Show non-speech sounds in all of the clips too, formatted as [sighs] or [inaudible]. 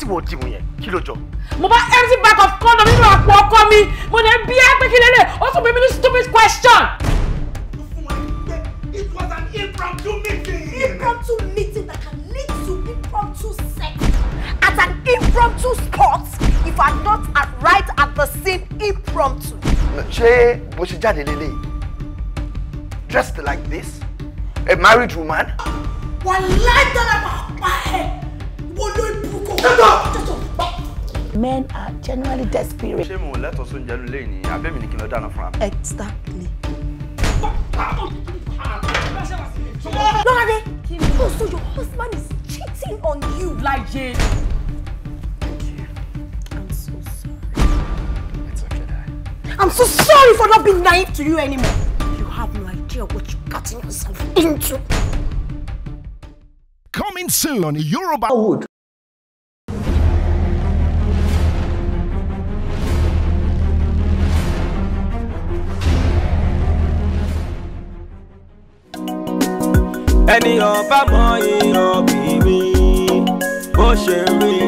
tí wọ́n dìbò yẹn kí ló jọ. mo bá empty bag of condom nínú àpò ọkọ mi mo lè bí ẹ pé kí lélẹ̀ ó tún bí mi ní stupid question. It was an impromptu meeting. Impromptu meeting that can lead to impromptu sex at an impromptu spot if I not at right at the scene impromptu. Ṣé bó ṣe jáde lélẹ̀ dressed like this? A married woman? Wàláì dọ́là máa pa ẹ̀ men are generally desperate. ṣé mo lẹ́tọ̀ọ́ sóúnjẹ ló lé abẹ́mi ni kí n lọ dáná fún wa. exactly. lọ́ládé oh so your husband is cheating on you. láyé. I'm so sorry. It's okay, I'm so sorry for not being naive to you anymore. You have no idea what you've gotten yourself into. Coming soon on Yoruba èèyàn bá mọ ìrọ̀bì mi bó ṣe rí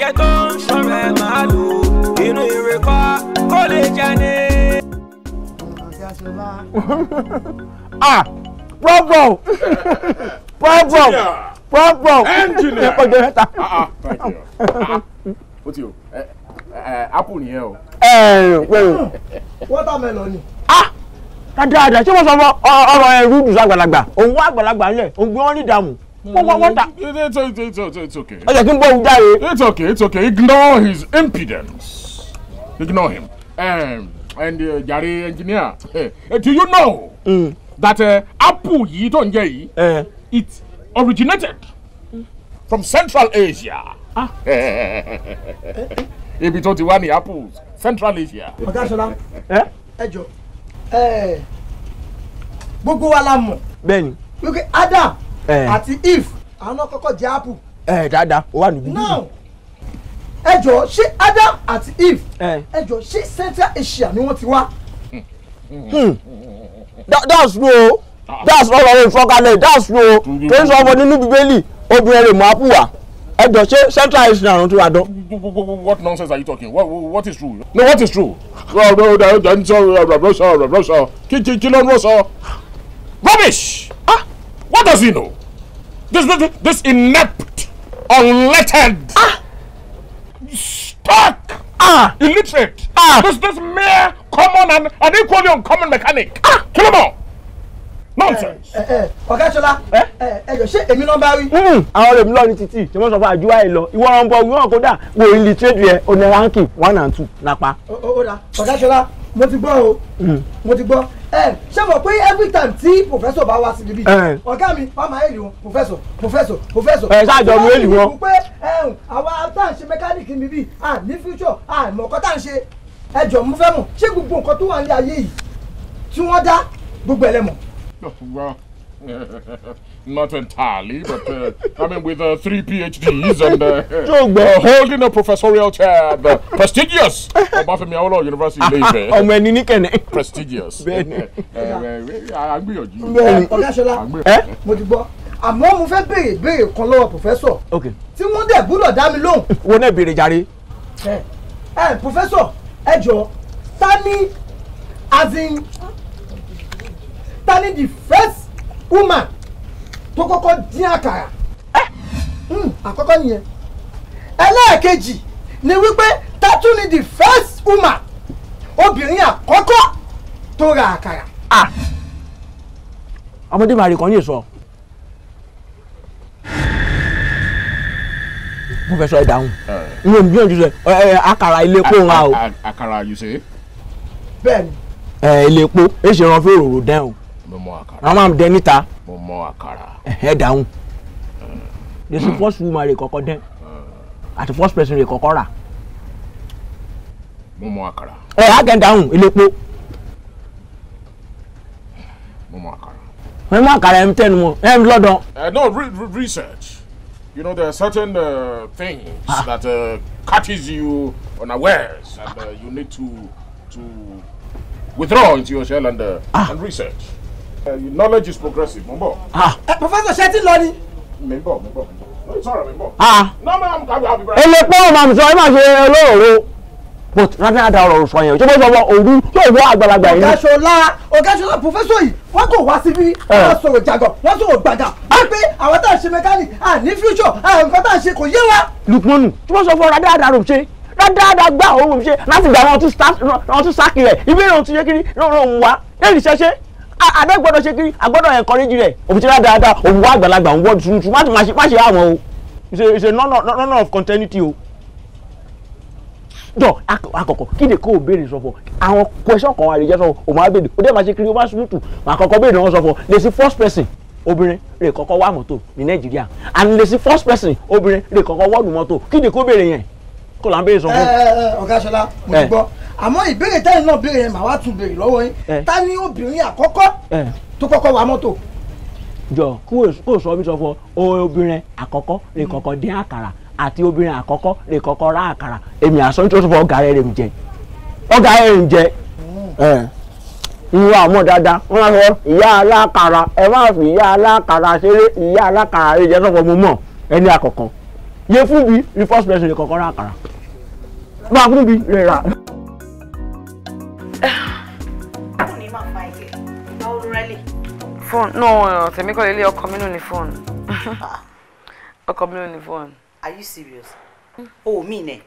kẹ̀kẹ́ tó ń ṣọ̀rẹ́ máa lò inú ìrè kọ́ kó lè jẹ ní. problem problem problem engineer [laughs] ọjọ́ mẹ́ta. o ah, ah, ah, ti o eh, eh, apple nìyẹn o. Eh, watermelon ni. ah dáadáa ṣé wọ́n sọ fún ọ̀rọ̀ ẹ̀rú dùn sí àgbàlagbà òun wá àgbàlagbà ńlẹ̀ òun gbé wọn ní ìdààmú. It's, it's, it's, okay. It's okay, it's okay. Ignore his impudence. Ignore him. Um, and uh, jàre engineer, Hey, eh, eh, do you know mm. that uh, apple yìí tó ń jẹ eh. it originated from Central Asia. Ah. Ibi tó ti wá ní apples, Central Asia. Ọ̀gá Eh. ẹ Eh. gbogbo wa Ben. Okay. Ada àti if àwọn náà kọ́kọ́ jẹ apple. ẹ dáadáa ó wà níbí. now ẹ jọ ṣé adam àti eve ẹ jọ ṣé central asia ni wọ́n ti wá. Hmm. that's true o that's all ọ̀rọ̀ ìfọkànlẹ̀ that's true o kìí sọ ọmọ nínú bíbélì obìnrin rẹ̀ mọ́ apple wá ẹ jọ ṣé central asia ni wọ́n ti wá dán. what nonsense are you talking what, what is true. no what is true. ọ̀rọ̀ ọ̀rọ̀ ọ̀rọ̀ ń sọ ọ̀rọ̀ ọ̀rọ̀ sọ ọ̀rọ̀ sọ kí kí ló ń sọ. rubbish ah what does he know. This, this, this inept, unlettered, ah. stuck, ah. illiterate, ah. This, this mere common and, equally uncommon mechanic. Ah. Kill him all. nonsense. Eh, eh, eh, ọ̀gá ṣọlá ẹjọ ṣé èmi náà bá wí. Hmm, àwọn rèmi lọ ní títì tí wọ́n sọ fún àjúwà ẹ̀ lọ ìwọ ọ̀rọ̀ ń bọ̀ wíwọ̀n kódà wò ó lè tẹ́jú ẹ ọ̀nà ránkì one and two lápá. ọ̀gá ṣọlá mo ti gbọ́ o hmm. mo ti gbọ́ ẹ ṣé mo pé every time tí professor bá wá sí ibi ọ̀gá mi wọ́n máa èlì wọn professor professor professor. ẹ ṣáàjọ mi èlì wọn. pé àwa tá à ń ṣe mẹkáníìkì mi bíi à ní future à mọ̀ ọ̀kọ́ tá à ń ṣe ẹjọ́ mo fẹ́ mọ̀ ṣé gbogbo nǹkan tó wà ní ayé yìí tí wọ́n dá gbogbo ẹlẹ́mọ̀ well, [laughs] not entirely, but uh, I mean, with uh, three PhDs and uh, uh, holding a professorial chair at the prestigious Obafemi Awolowo University ah, Ileife. Ah, ọmọ ẹni ní kẹ̀nẹ́. Prestigious. Bẹ́ẹ̀ni. Eh, eh, eh, Agbèyànjú. Bẹ́ẹ̀ni. eh, Ṣọlá, mo ti gbọ́. Àmọ́ mo fẹ́ béèrè béèrè kan Wo náà béèrè jàre. Ẹ pòfẹ́sọ̀ ẹ jọ ta as in ta the first woman tó kọ́kọ́ dín àkàrà eh! hmm, àkọ́kọ́ nìyẹn ẹlẹ́ẹ̀kejì ni wípé tatu ni the first woman obìnrin àkọ́kọ́ tó ra àkàrà. ọmọdé màá rí kan yìí sọ mo fẹ́ sọ ẹ dáhùn n eh. ò gbìyànjú sẹ àkàrà ilé epo wa o. àkàrà you say. bẹ́ẹ̀ni. Eh, ẹ ilé epo èsì ìrànfẹ́ òróró dẹ́hùn mọ àkàrà. àwọn máa ń dẹ níta. mo mọ àkàrà. ẹ dáhùn yesu hmm. first woman rẹ̀ kọ́kọ́ At hmm. the first person rẹ̀ kọ́kọ́ rà. mo mọ àkàrà. ẹ àgẹ̀ dáhùn iléepo. mo mọ àkàrà. ẹ má àkàrà ẹ ń tẹnu mọ́ ẹ ń lọ́dọ̀. Eh, no re research you know there are certain uh, things ah. that uh, catches you unawares and uh, you need to to withdraw into your shell and, uh, ah. and research. Eh, knowledge is progressive mo ń bọ̀. Ah. Eh, professor ṣe ti lọ ni. mi ń bọ̀ mi ń bọ̀ sọ̀rọ̀ mi ń bọ̀. elépo máa mi sọ ẹ máa ṣe olóòrò but rárá da ọ̀rọ̀ sọ yẹn ṣé bó sọ wọ òru yóò wọ àgbàlagbà yìí. ọ̀gáṣọlá ọ̀gáṣọlá pòfẹ́sọ̀ yìí wọ́n kò wá síbí eh. wọ́n sọ̀rọ̀ jàgọ̀ wọ́n sọ̀rọ̀ gbàgà ah. wọ́n pé àwọn tá à ṣe mẹkáníkì à ní future à nǹkan tá à ń ṣe kò yé wa. Lukmanu tí wọ́n sọ fún ọ rárá da ọ̀rọ̀ ṣe dáadáa gbá òun ṣe láti gbà wọn tún sáàkì rẹ ìbéèrè òun ti yé kiri rán òun wá àdé gbọ́dọ̀ ṣe kiri àgbọ́dọ̀ encourage rẹ̀ òun ti rà dáadáa òun wá àgbàlagbà òun wọ́ tuntun má ti má ṣe má ṣe àwọn o it's a none of continuity o. jọ àkọ́kọ́ kí ni kò béèrè sọfọ àwọn question kan àrèjẹ sọfọ òun máa béèrè ó dẹ́ máa ṣe kiri ó máa sùúrùtù mà àkọ́kọ́ béèrè wọn sọfọ lè sí first person obìnrin lè kọ́kọ́ wá mọ́tò ní nàìjíríà and lè sí first person obìnrin lè kọ́kọ́ wọ́ọ̀dù mọ́tò kí ni kò béèrè yẹn kó là ń béèrè sọfọ. ọ̀gá ṣọlá mo ti gbọ́ àmọ́ ìbéèrè tẹ́yìn náà béèrè yẹn màá wá tún béèrè lọ́wọ́ yín eh. ta ni obìnrin àkọ́kọ́ eh. tó kọ́kọ́ wa mọ́tò. jọ kó sọ mi sọ fún ọ obìnrin àkọ́kọ́ lè kọ́kọ́ dín àkàrà àti obìnrin àkọ́kọ́ lè kọ́kọ́ rá àkàrà èmi àsọ nítorí fún ọgá rẹ̀ mi jẹ ọgá rẹ̀ mi jẹ ìwà hmm. eh. àmọ́ dáadáa wọ́n máa sọ ìyá alákàrà ẹ má fi ìyá alákàrà ṣeré ìyá alákàrà rẹ̀ jẹ́ sọ́kọ̀ mo mọ̀ ẹni àkọ́kọ́ yẹ fún bí the first person lè kọ́kọ́ rá àkàrà máa fún bí rẹ̀ rà. fóònù náà uh, tèmi kọ́ lélẹ̀ ọkọ mi ló ní fóònù ọkọ mi ló ní fóònù. are you serious? Oh, me ne.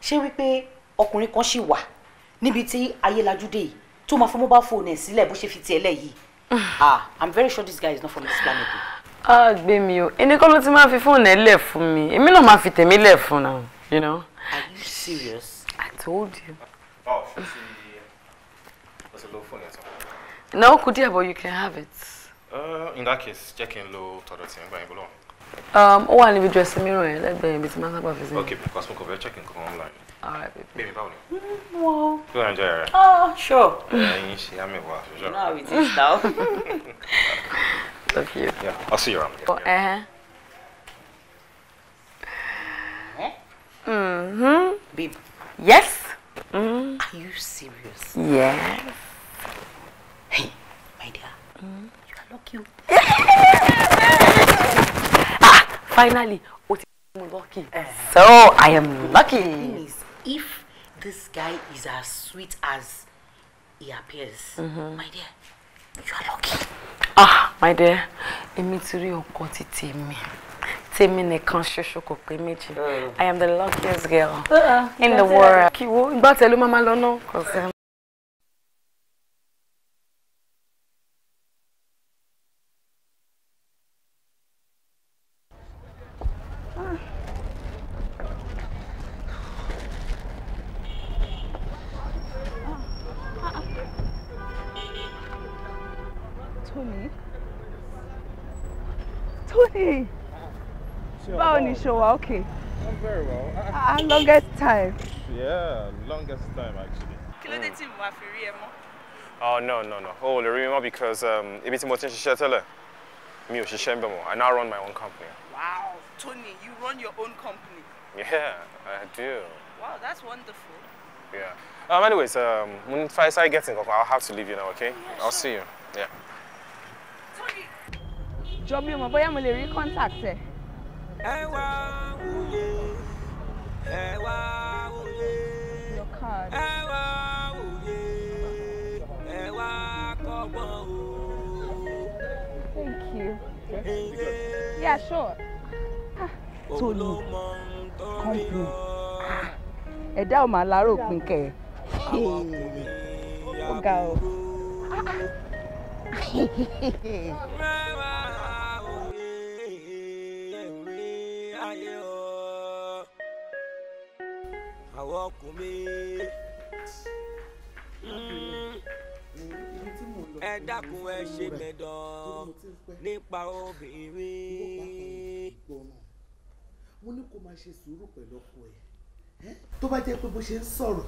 She ṣé wípé ọkùnrin kan ṣì wà níbi tí ayélajú dé yìí tó máa fọ mobile phone ẹ̀ sílẹ̀ bó ṣe fi tiẹ̀ lẹ̀ [sighs] ah i'm very sure this guy is not from this planet. Ah, gbé mi o ẹni kọ́ ló ti máa fi fóònù ẹ̀ lẹ̀ fún mi èmi náà máa fi tèmi lẹ̀ fún náà. you know. are you serious? i told you. oh ṣe ti o ti lo fóònù ẹ̀ tán. no kudi abo you can have it. Uh, in that case, check in low. lo I'm going ń gbà yín I ó to níbi dressing mirror yẹn lẹ́gbẹ̀ẹ́ ibi tí máa ń sábà fi sí. because mo kàn fẹ́ check nǹkan online. alright baby. baby báwo Wow. wọ́n. you wan enjoy rẹ. oh sure. Yeah, ẹyin ṣe àmì wa ṣoṣọ. now it is now. love you. yeah i'll see you around. Oh, yeah. Oh, uh -huh. Mm-hmm. Babe. Yes. Mm. Are you serious? Mm-hmm. Yes. Hey. [laughs] ah, finally, what is mo lucky. Eh. So I am lucky. The thing is, if this guy is as sweet as he appears, mm-hmm. my dear, you are lucky. Ah, my dear, èmi ti rí ọkọ ti tèmi. Tèmi nìkan ṣoṣo kò pé méjì. Mm. I am the luckiest girl uh -uh, in the world. Kí wo, ìgbà tẹ̀lú màmá lọ náà. wa okay. I'm very well. uh, longest time. Yeah, longest time actually. Kí ló dé tí mo Oh no no no. Oh, the remember because um, ibi tí mo ti ń ṣiṣẹ́ tẹ́lẹ̀ mi ò I now run my own company. Wow, Tony, you run your own company. Yeah, I do. Wow, that's wonderful. Yeah. Um, anyways, um, when I start getting up, I'll have to leave you now, okay? Yeah, sure. I'll see you. Yeah. Tony! job mi ò mọ̀ bóyá mo lè rí contact ẹ wá wòye ẹ wá wòye ẹ kọ́gbọ́n o. Thank you. Yeah, sure. Ah, Tolu company ah, ẹ̀dá ò máa lárò pin kẹ̀ ó o. [laughs] láyé o àwọn ọkùnrin ẹ dákun ẹ ṣe mẹdàn nípa obìnrin. mo ní kó máa ṣe sùúrù pẹ̀lú ọkọ ẹ̀ tó bá jẹ́ pé bó ṣe ń sọ̀rọ̀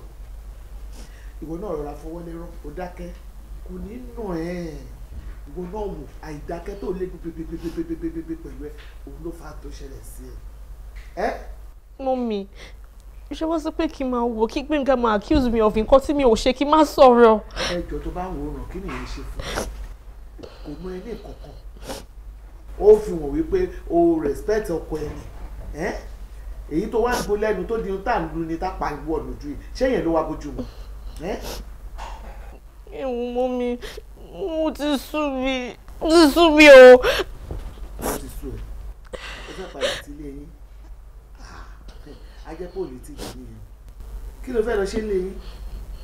ìwọ náà rọra fọwọ́ lérò ó dákẹ́ kò ní nà ẹ́ ìwọ náà wò àìdákẹ́ tó lé pépépépépépépépé Eh? mọ́mí ṣé wọ́n sọ pé kí n máa wò kí Gbénga máa accuse me of nǹkan tí mi ò ṣe kí n má sọ̀rọ̀. ẹ jọ tó bá wòran kí nìyẹn ṣe fún kò mọ ẹni kankan ó fi hàn wípé o respect ọkọ ẹni eh? èyí tó wá ń bo lẹ́nu tó di ohun tá à ń lu ni tá a pariwo ọ̀nà ojú yìí ṣé yẹn ló wá bójú mu. Eh? ewu mọ́ mi mo ti sú mi mo ti sú mi o. mo ti sú ẹ ẹ fẹ́ padà sílé yín ajẹ́pọ̀ ò ní ti dì nìyẹn kí ló fẹ́ lọ ṣe lé yín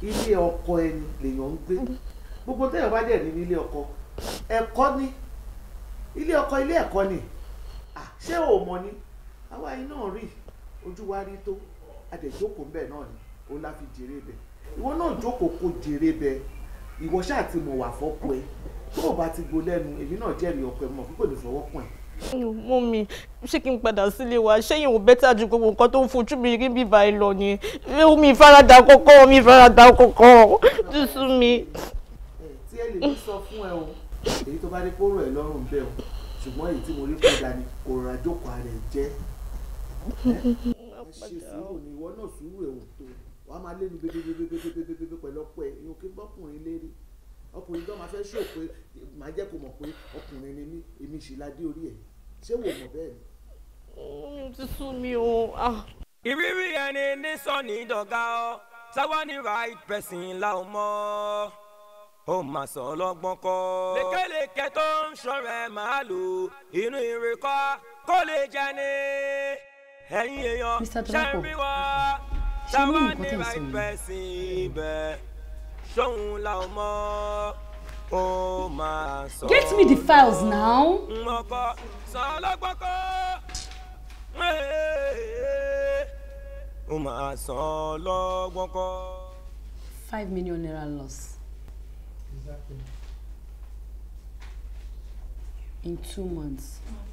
ilé ọkọ ẹni lèèyàn ń gbé gbogbo téèyàn bá dẹ̀ ní ilé ọkọ ẹ̀kọ́ ni ilé ọkọ ilé ẹ̀kọ́ ni ṣé ò mọ̀ ni àwa yìí náà rí ojú wa rí tó adẹ̀jókòó ńbẹ̀ náà ni òun la fi jèrè bẹ̀ ìwọ náà jókòó kó jèrè bẹ̀ ìwọ ṣáà ti mọ̀ wà fọ́pọ̀ ẹ tó o bá ti gbọ́ lẹ́nu èmi náà jẹ́rìí ọkọ ẹ mọ̀ pé kò lè fọwọ́ kàn ẹ́ mú mi ṣé kí n padà sílé wa ṣẹ́yìn ò bẹ́tà ju gbogbo nǹkan tó ń fojú mi rí bíbá ẹ lọ ni omi ìfaradà kọ̀ọ̀kan omi ìfaradà kọ̀ọ̀kan túṣu mi. tí ẹ lè sọ fún ẹ o èyí tó bá dé kó rọ̀ ẹ́ lọ́rùn bẹ́ẹ̀ o ṣùgbọ́n èyí tí mo rí padà ni kò rà jókòó ara ẹ̀ jẹ́ ṣe sùúrù ni ìwọ náà sùúrù ẹ̀ ò tó wàá máa lé ní gbégbégbégbégbégbé pẹ̀lú ọ̀pọ̀ ẹ̀ ìyókè bọ́kùnrin lérí ọkùnrin tó máa fẹ́ ṣòpin máa jẹ́ kó mọ̀ pé ọkùnrin ni mí èmi ṣì ládé orí ẹ̀ ṣé wò mọ̀ bẹ́ẹ̀ ni. ti sú mi o. Ah. ìrírí ẹni ní sọ́ọ̀nì ìdọ̀gá ọ sáwọ́ ní right person la ò mọ́ ó mà sọ ọlọ́gbọ́n kọ́. lékeleke tó ń ṣọ̀rẹ́ màálù inú ìrè kọ́ kó lè jẹ ní ẹ̀yìn èèyàn ṣẹ́rí wá sáwọ́ ní right person ibẹ̀ ṣóhun la ò mọ́. Get me the files now. Five million naira loss. Exactly. In two months. Mm -hmm.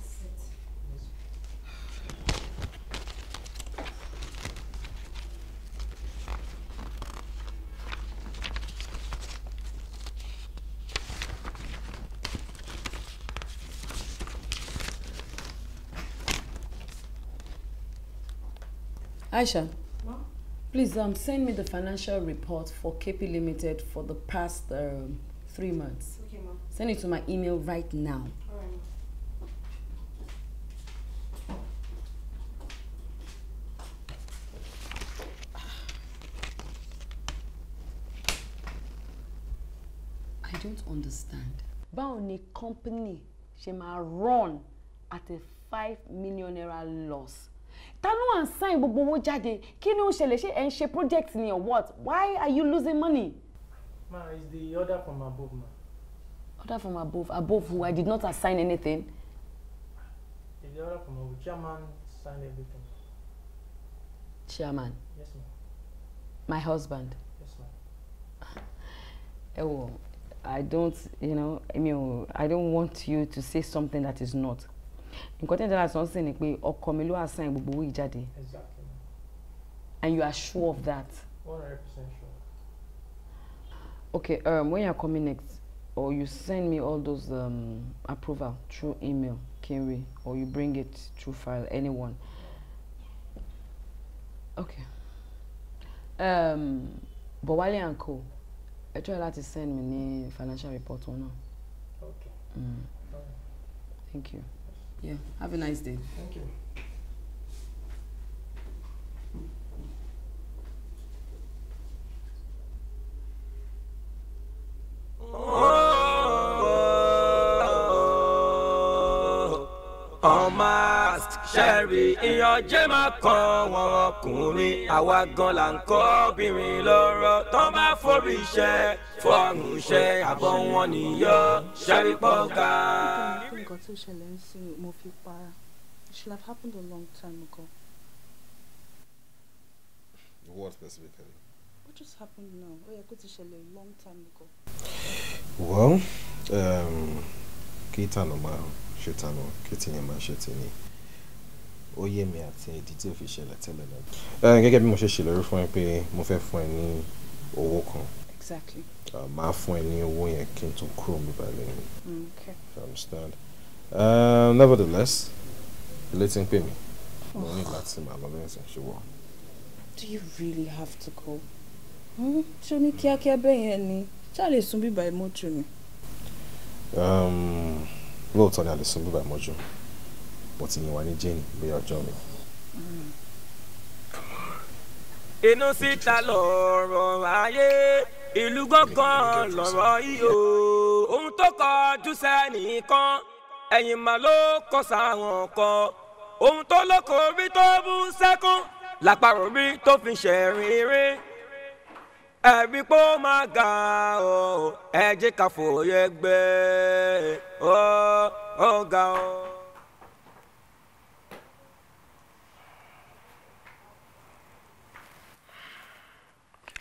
Aisha, please um, send me the financial report for KP Limited for the past um, three months. Okay, ma. Send it to my email right now. I don't understand. Báwo ni company she máa run at a five million naira loss ta ló à ń sáìn gbogbo owó jáde kí ni ó ṣẹlẹ̀ ṣé ẹ̀ ń ṣe project ni or what why are you losing money. ma it's the order from above ma. order from above above who i did not assign anything. Is the order from above chairman signed everything. chairman. yes ma. my husband. yes ma. ẹ [sighs] eh, wò I don't you know I mean I don't want you to say something that is not nǹkan tí ẹ̀jẹ̀ láti sọ sí ni pé ọkọ mi ló assign gbogbo owó yìí jáde and you are sure of that. one hundred percent sure. okay um, when you next, or you send me all those um, approval through email kenwe or you bring it through file anyone okay um, bọ̀wálé and co ẹ try láti send me ní financial report wọn náà. okay. Mm. thank you. Yeah. Have a nice day. Thank you. rè ìyànjẹ́ máa kan wọn ọkùnrin àwa gan là ń kọ́ obìnrin lọ́rọ̀ tán bá forí iṣẹ́ fọ àrùn iṣẹ́ àbọ̀ wọn nìyọ́ ṣàrípọ̀ ga. nǹkan tó ṣẹlẹ̀ ń sìn mo fi para it should have happened a long time ago. What specifically? What just happened now? Ó yẹ kó ti ṣẹlẹ̀ a long time ago. Well, um, kí ìtànà máa ṣe tànà kí tìyẹn máa ṣe tìyẹn ó yé mi àti ìdí tí ó fi ṣẹlẹ̀ tẹ́lẹ̀ náà. gẹ́gẹ́ bí mo ṣe ṣèlérí fún ẹ pé mo fẹ́ fún ẹ ní owó kan. exactly. máa fún ẹ ní owó yẹn kí n tó kúrò mi balẹ̀ ni. okay. I understand. Uh, nevertheless ilé tí ń pè mí mo ní láti máa lọ lẹ́sìn ṣùgbọ́n. do you really have to go? Hmm? ṣé ní kíákíá bẹ́ẹ̀ yẹn ni ṣáà lè sun bíbá ẹ̀ mọ́jú ni. Ehm, lóòótọ́ ni a lè sun bíbá ẹ̀ mọ́jú but ìyẹn wà ní jane bóyá ọjọ́ mi. inú síta lọ̀rọ̀ ayé ìlú gbọ̀ngàn lọ̀rọ̀ iyò ohun tó kọjú sẹ́nìkan ẹ̀yìn mà ló kọ sáwọn kan ohun tó lóko orí tó bú sẹ́kún làpárò orí tó fi ṣẹ̀rìn rí ẹ̀rí pé ó máa ga ọ́ ẹ jẹ́ ká fòye gbé ga ọ́.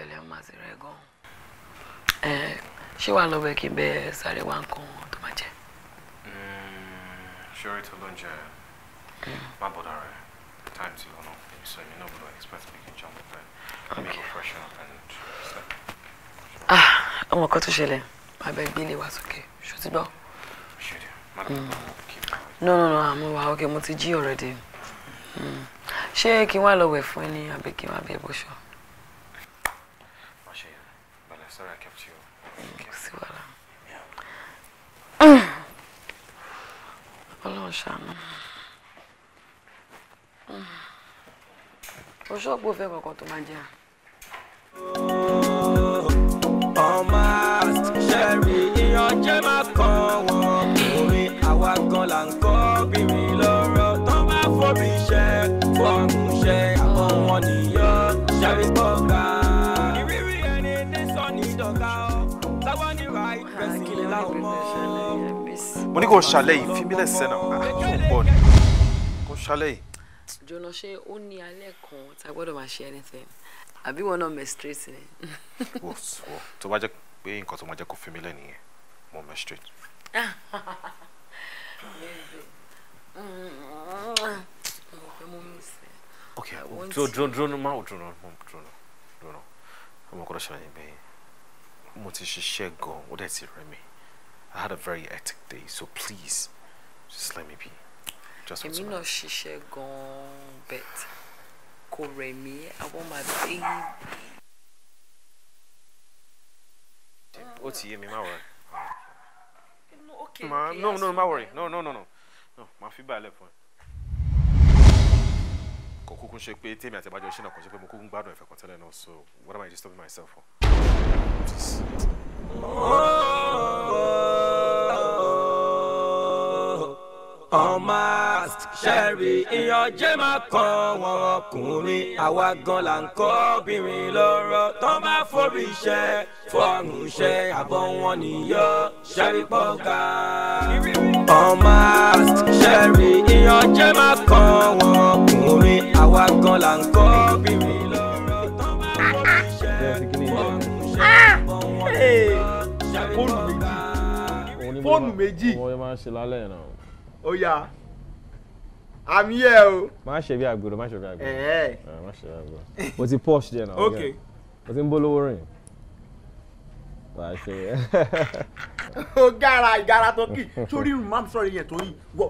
pẹ̀lẹ́ ọmọ àti rẹ gan ẹ ṣé wàá lọ bẹ kí n bẹ sáré wá nǹkan tó máa jẹ. Mm, ṣé orí tó ló ń jẹ má bọ̀dọ̀ rẹ time ti lọ náà so you know we expect we can jump up and make a fresh up and step. àwọn ah, kan tó ṣẹlẹ̀ máa bẹ gbé ilé wa sókè ṣó mm. no no no àmọ́ wa ok mo ti jí already mm. ṣé kí n wá lọ wẹ̀ fún ẹ ní àbí kí n wá bẹ bó o ṣọ́ọ̀bù fẹ́ kankan tó máa jẹ́ à. ọmọ ṣẹ́rí ìyànjẹ́ máa kàn wọ́n orin àwa gan là ń kọ́ bìnrin lọ́rọ̀ tó bá fọ́bi iṣẹ́ fọ́ọ̀mù iṣẹ́ àbọ̀ wọn nìyọ́ ṣẹ́rí bọ́ọ̀gà. ìrírí ẹni ní sọ́ni ìdọ̀gá ọ́ táwa ní ra ìpèsè láwọn mọ́. mo ní kò ṣàlẹ́ yìí fi mílẹ̀ sẹ́nà kò ń bọ̀ ni kò ṣàlẹ́ yìí jóná ṣé ó ní alẹ́ kan tá a gbọ́dọ̀ ṣe anything àbí wọn náà menstruate ni. wò wò tó bá jẹ́ pé nǹkan tó máa jẹ́ kó fi mí lẹ̀ nìyẹn mo menstruate. [laughs] ok dúró dúró dúró ní máa dúró náà dúró náà dúró náà ọmọ kọ́dọ̀ ṣe àyìn bẹ́ẹ̀ mo ti ṣiṣẹ́ gan-an dẹ̀ ti rẹ̀ mi I had a very hectic day so please just let me be just for tonight. èmi náà ṣiṣẹ́ gan-an bet kò rẹ̀ no no no no mo kúkú ń gbádùn kan tẹ́lẹ̀ náà so what am I disturbing myself for. Oh, oh, oh. on mask ṣẹ́ẹ̀rì ìyànjẹ́ máa kan wọn ọkùnrin àwa gan là ń kọ́ obìnrin lọ́rọ̀ tán bá forí iṣẹ́ fọ́ọ̀rùn iṣẹ́ àbọ̀ wọn nìyọ ṣẹ́ẹ̀rì pọ́ga. on mask ṣẹ́ẹ̀rì ìyànjẹ́ máa kan wọn ọkùnrin àwa gan là ń kọ́ obìnrin lọ́rọ̀ tán bá forí iṣẹ́ fọ́ọ̀rùn iṣẹ́ àbọ̀ wọn nìyọ ṣẹ́ẹ̀rì pọ́ga. fóònù méjì. wọ́n yẹ máa ń ṣe lálẹ́ náà ó yá i'm here o. má ṣe bí àgbèrò má ṣe bí àgbèrò má ṣe bí àgbèrò mo ti posh jẹ náà mo ti ń bólówó rìn wà á ṣe o [laughs] gara igara tó kì sórí ìrùmọ̀ sọ̀rọ̀ yẹn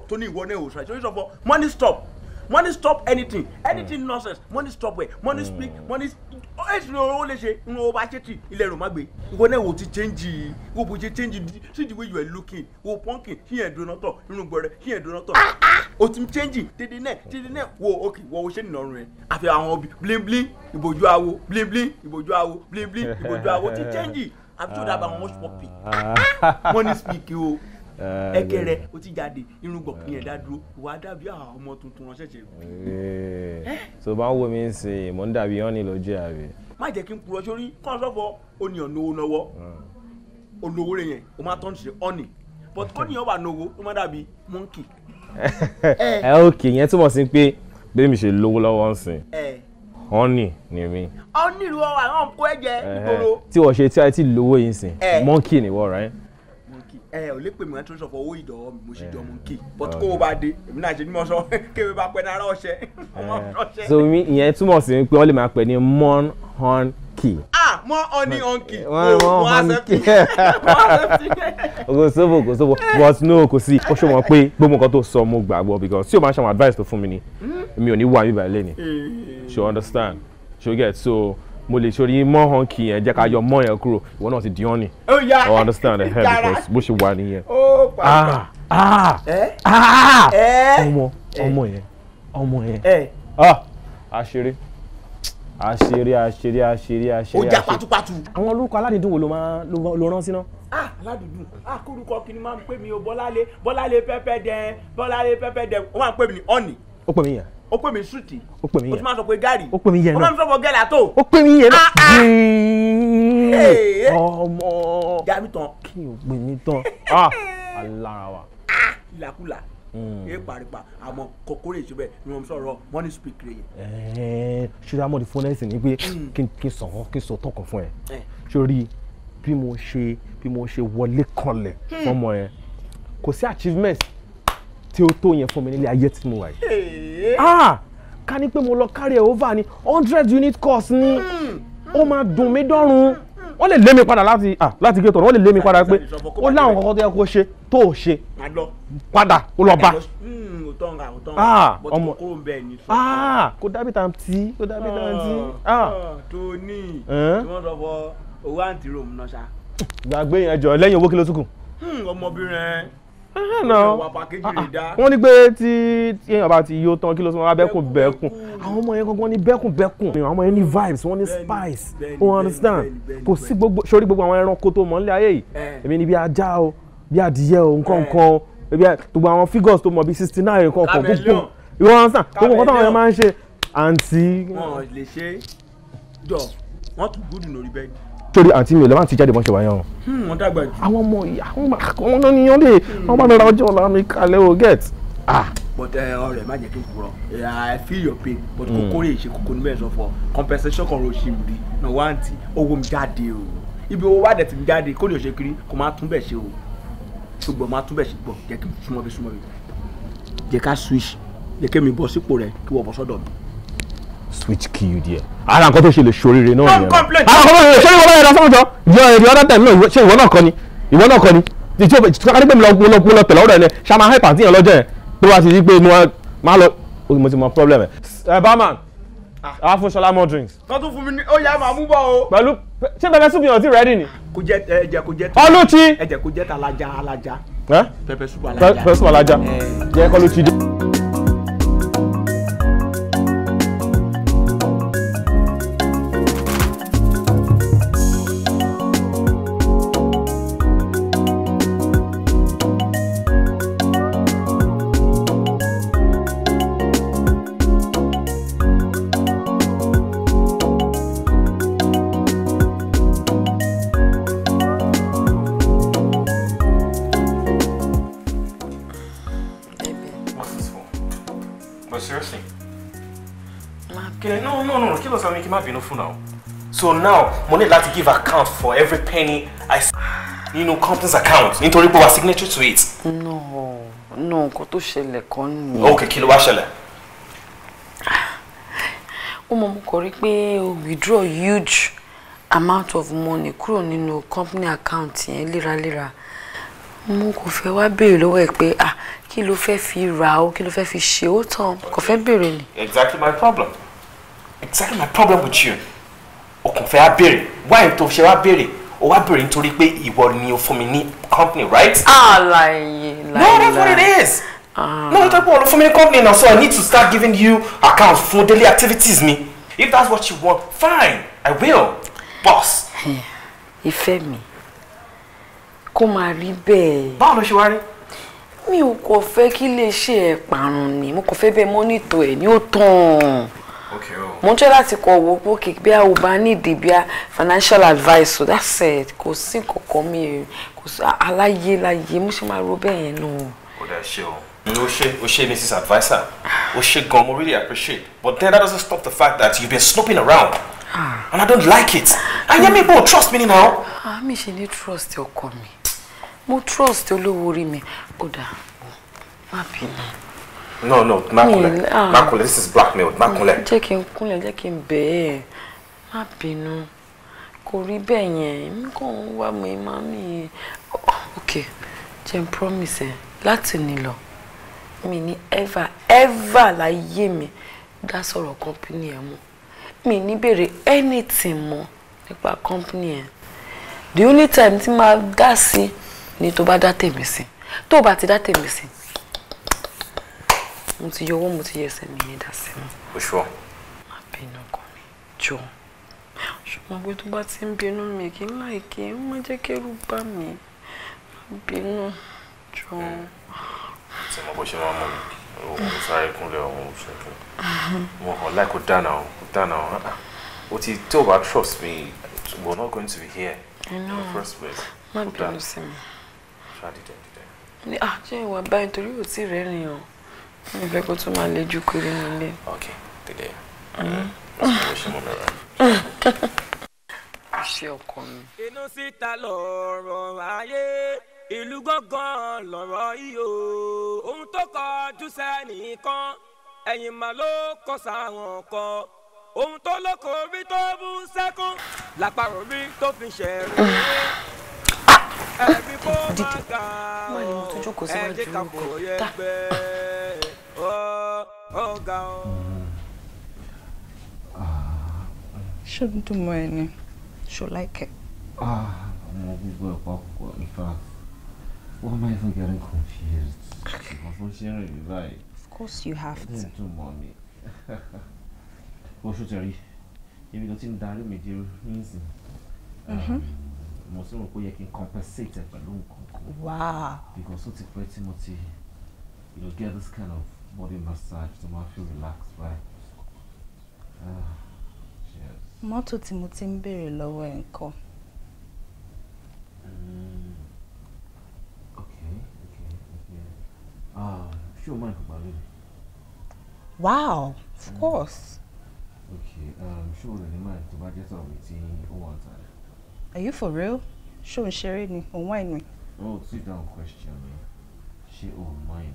tó ní ìwọ náà ò sọ̀rọ̀ sórí ìṣọ̀fọ̀ money stop money stop anything hmm. anything nonsense money stop wẹ̀ money hmm. speak money oh, eh, ó èsì ló lè ṣe ń wo bá ṣe tì ilẹ̀ rò má gbé ìwọ náà wò ti change wò bó ṣe change see the way you are looking wò pọ́ǹkì híyẹn dùnà tọ̀ irun gbọrẹ híyẹn dùnà tọ̀ ah, ah! o ti change tètè náà tètè náà wò ok wò ó ṣe nìyọrùn rẹ àfi àwọn bling bling ìbòjú awo bling bling ìbòjú awo bling bling ìbòjú awo ti change àbí tí o dábàá wọn ṣùpọ̀ pè money speak o ẹkẹrẹ eh, o ti jáde irungbọ̀n yẹn dá dúró wàá dàbí àwọn ọmọ tuntun ránṣẹ́ ṣe. tó eh, eh? bá ń wo mi ń sìn mò ń dàbí ọ́nì lójú àbí. má jẹ́ kí n purọ́ sórí kọ́ sọ́fọ́ o ní ọ̀nà hmm. olówó rẹ̀ yẹn o máa tọ́ ṣe ọ́nì but kọ́ [laughs] nìyẹn wà nowó ó má dàbí mọ́ǹkì. ẹ [laughs] ok yẹn túmọ̀ sí pé bí mi ṣe lówó lọ́wọ́ ń sìn honey ni mi. honey ni wọn wà wọn kó ẹ̀jẹ̀ nígboro. tí wọ́n ṣe tí a ti lówó yìí sìn mọ́ǹkì ni wọ́n rẹ̀ ẹ ò lè pè mí wọn tó sọ fọ owó ìdọ̀wọ́ mi mo sì jọ mú kí eh, but eh. kó o bá dé èmi náà ṣe ni mo sọ [laughs] kéwé bá pẹ́ náírà ọ̀ṣẹ́ [laughs] eh, ọmọ ọ̀ṣẹ́. so mi ìyẹn túmọ̀ sí pé wọ́n lè máa pè ní mon hon key. ah mon honey hon key. Oh, wọ́n [laughs] wọ́n hon key. kò sóbò kò sóbò but no kò sí ó ṣe pé gbogbo nǹkan tó sọ mo gbàgbọ́ because tí o máa ṣe àwọn advice tó fún mi ni hmm? mi ò ní wà mí bàálẹ̀ ni ṣe understand She get so mo lè sori mọ́ hàn kì yẹn jẹ́ ká yọ mọ́ yẹn kúrò ìwọ náà ti di ọ́nì ọ oh, understand ẹ̀ because bó ṣe wà nìyẹn ah, ah, ah. ọmọ ọmọ yẹn ọmọ yẹn àṣírí àṣírí àṣírí àṣírí àṣírí. ó já pátápátá. àwọn olórúkọ aládùúdùn wo ló máa ló rán sí náà. ah aládùúdùn ah kórúkọ kìnnìún máa ń pè mí o bọ́láde bọ́láde pẹ́pẹ́ dẹ́n bọ́láde pẹ́pẹ́ dẹ́n ó máa ń pè mí ní ọ̀nì. ó pè mí yẹn ó pè mí sùtì ó pè mí yẹn ó ti máa sọ pé gàrí ó pè mí yẹn náà ó máa ń sọ̀fọ̀ gẹ́là tó ó pè mí yẹn náà gbìn ah, ah. ọmọ gami tán kí o gbìn mí tán ah, alára wa. ìlàkulà e paripa àmọ́ kòkòrò ìṣubẹ ni wọn sọ̀rọ̀ money speak rẹ yẹn. ṣùgbọ́n amọ̀ di fún ẹ̀sìn ni pé hmm. kí n sọ̀rọ̀ kí n sọ tọkàn fún ẹ sórí eh. bí mo ṣe bí mo ṣe wọlé kanlẹ̀ hmm. fọmọ yẹn kò sí achievement tí ó tó yẹn fún mi nílé ayé tí mo wà yìí. Ah! ká ní pé mo lọ carry over ní hundred unit course ni o hmm. máa dùn mí dọ́rùn wọ́n lè lé mi padà láti ah, láti gé tọ̀nà wọ́n lè lé mi padà pé ó láwọn kankan tó yẹ kó ṣe tó ò ṣe padà ó lọ bá. Hmm, ah, ọmọ kó dábì tá à ń tí kó dábì tá à tóní tí wọ́n sọ fọ owó àǹtí rò mú náà ṣá. gbàgbé yẹn jọ lẹ́yìn owó kí ló tún hmm, ọmọbìnrin Ah, ah, ah. wọ́n ní pé tí èèyàn bá ti yó tán kí ló sọ wọn bẹ́kùn bẹ́kùn àwọn ọmọ yẹn gangan ní bẹ́kùn bẹ́kùn àwọn ọmọ yẹn ní vibes wọ́n ní spice wọ́n understand kò sí gbogbo sórí gbogbo àwọn ẹranko tó mọ̀ nílé ayé yìí èmi ni bí ajá o bí adìyẹ o nǹkan nǹkan ebi gbogbo àwọn figures tó mọ̀ bí sixty nine nǹkan kan gbogbo ìwọ understand gbogbo nǹkan táwọn yẹn máa ń ṣe àǹtí. wọn ò lè ṣe jọ wọn tún gúdùn lórí bẹ́ẹ̀dì torí àǹtí mi ò lọ́wọ́ àǹtí jáde mọ́ṣẹ́ wáyà wọn. Hmm, wọ́n dàgbà jù. àwọn ọmọ ìyá àwọn ọmọ níyan lè wọ́n bá mi ọjọ́ ọ̀la mi kalẹ̀ o get. Ah. but eh, ọ̀rẹ́ má jẹ kí n kúrọ eh, i feel your pain but kókó rè ṣe kókó ní mẹ́sàn fọ compensation kan ro ṣì ń rí náà wá àǹtí owó mi jáde o ibi owó wá dẹ̀ ti jáde kó ní o ṣe kiri kó má tún bẹ̀ ṣe o ṣùgbọ́n má tún bẹ̀ ṣe gbọ́ jẹ́ kí n súnmọ́ bí súnmọ́ switch jẹ́ kí mi bọ́ sípò rẹ switch key you there. ara nǹkan tó ṣe lè ṣoríire náà nìyẹn. ara nǹkan tó ṣe lè ṣoríire náà yẹn lọ́sọ̀rọ̀ jọ yọ the other time náà ṣe ìwọ náà kọ́ ni ìwọ náà kọ́ ni tí o kárí pé mo lọ mo lọ tẹ̀lé ọ̀rọ̀ ẹ̀ ṣá máa hype àti yẹn lọ́jọ́ yẹn pé wá ti di pé mo máa lọ mo ti mọ problem ẹ̀. ẹ barman àwa ah. fún ṣọlá more drinks. kọ́ tún fún mi ní ó yá màá mú bọ̀ o. pẹ̀lú ṣé pẹpẹ súpù yàn ti rẹ́dì ni. kò jẹ ẹ jẹ kò jẹ ta ọlọ́ọ̀tì. ẹ jẹ kò jẹ ta alaja alaja. pẹpẹ súpù alaja. pẹpẹ súpù alaja jẹ kọ́ ló ti dé. bínú fún náà. so now mo ní láti give account for every penny i nínú company's account nítorí pé wà signature to it. no no nǹkan tó ṣẹlẹ̀ kan nìyẹn. ok kí ló wá ṣẹlẹ̀. ó mọ̀ mo kọ̀ rí pé o withdraw huge amount of money kúrò nínú company account yẹn léraléra mo kò fẹ́ wá béèrè lọ́wọ́ ẹ̀ pé ah kí ló fẹ́ fi rà ó kí ló fẹ́ fi ṣe ó tán kò fẹ́ béèrè ni. exactly my problem exactly my problem with you ọkàn fẹ́ wá béèrè why tó ṣe wá béèrè o wá béèrè nítorí pé ìwọ ni o fún mi ní company right. alaye ah, laila no that's what it is. Ah. no nítorí pé o lọ fún mi ní company náà so I need to start giving you account for daily activities mi if that's what you want fine I will boss. ìfẹ́ mi kó máa rí bẹ́ẹ̀. báwo ló ṣe wá rí. mi ò kò fẹ́ kí lè ṣe ẹ̀ parun ni mo kò fẹ́ bẹ́ẹ̀ mọ́nítọ̀ ẹ̀ ní ó Oh. mo ń tẹ́ láti kọ owó pókè bí a ò bá nídìí bí a financial advice so that's it kò sí kankan mi kò sí aláyé láyé mo ṣe máa ro bẹ́ẹ̀ yẹn náà. ó dá ṣe o o ṣe o ṣe mrs adviser o ṣe gan mo really appreciate but then that doesn't stop the fact that you've been snooping around ah. and i don't like it And ayé mi bò trust me now. ah mi ṣe ní trust ọkọ mi mo trust olówó orí mi ó dà bínú no no má kúnlẹ̀ ah. this is blackmail mm, má kúnlẹ̀. jẹ́ kí n kúnlẹ̀ jẹ́ kí n bẹ̀ẹ́ má bínú kò rí bẹ́ẹ̀ yẹn n kàn ń wá mi má mi ok jẹ́ n promise ẹ̀ láti nílọ mi ní ever ever láyé mi dá sọ̀rọ̀ company ẹ̀ mọ́ mi ní anything mọ́ nípa company ẹ̀ the only time tí máa dá sí to tó bá dá me sí To bá ti dá me sí mo ti yọ ọwọ́ mo ti yẹsẹ̀ mi ní ìdásẹ́ mi. oṣù ọ. má bínú ọkọ mi jọ ṣùgbọ́n pé tó bá ti ń bínú mi kí n láìké ń má jẹ́ kẹ́rù bá mi má bínú jọ. tí mo bọ́ ṣe máa mọ òun sáré kúnlẹ̀ òun ṣẹ́kẹ́ mo hàn láì kó dáná kó dáná ah, o ti tó o bá trust me we're not going to be here in the first place. má bínú sí mi. ṣáà dídẹ dídẹ. ah ṣé ìwà báyìí torí ò tí ì rẹ́rìn-ín o mi fẹ́ tún máa lè ju kiri nílé. ok tẹ̀lé mm. [laughs] iṣẹ́ ọkọ mi. inú síta lọ̀rọ̀ ayé ìlú gángan lọ̀rọ̀ iyò ohun tó kọjú sẹ́nìkan ẹ̀yìn mà ló kọ sáwọn kan ohun tó lóko rí tó bú sẹ́kún làpárò rí tó fi ṣẹ̀rù ah. ah. dìde wọn ni mo tún jókòó síwájú ọkọ tá ó ga ó. ṣóun like it. Ah, I'm ṣó láìkẹ́. ọmọ gbogbo ẹ̀ papọ̀ in fact why am I even getting confused? ìwọ tó ṣe ń rìn mí of course you have to. ṣóun dùn mọ́ mi. [laughs] oṣù tẹ̀rí ibi tó ti ń darí mi dé nísìn mm-hmm. um, mo sì rò pé ó yẹ kí n compensate ẹ pẹ̀lú nǹkan wow. because ó ti pẹ́ much. you know, get this kind of body massage to máa feel relaxed báyìí. Ah, mọ́tò tí mo ti ń béèrè lọ́wọ́ ẹ̀ ń kọ́. Mm. Ah, wow of mm. course. ok um, ṣé o lè ní máa tó bá jẹ́ sọ̀rọ̀ tí are you for real? ṣé o ń ṣeré ni òun wáìnì. oh sit down question me. ṣé o mind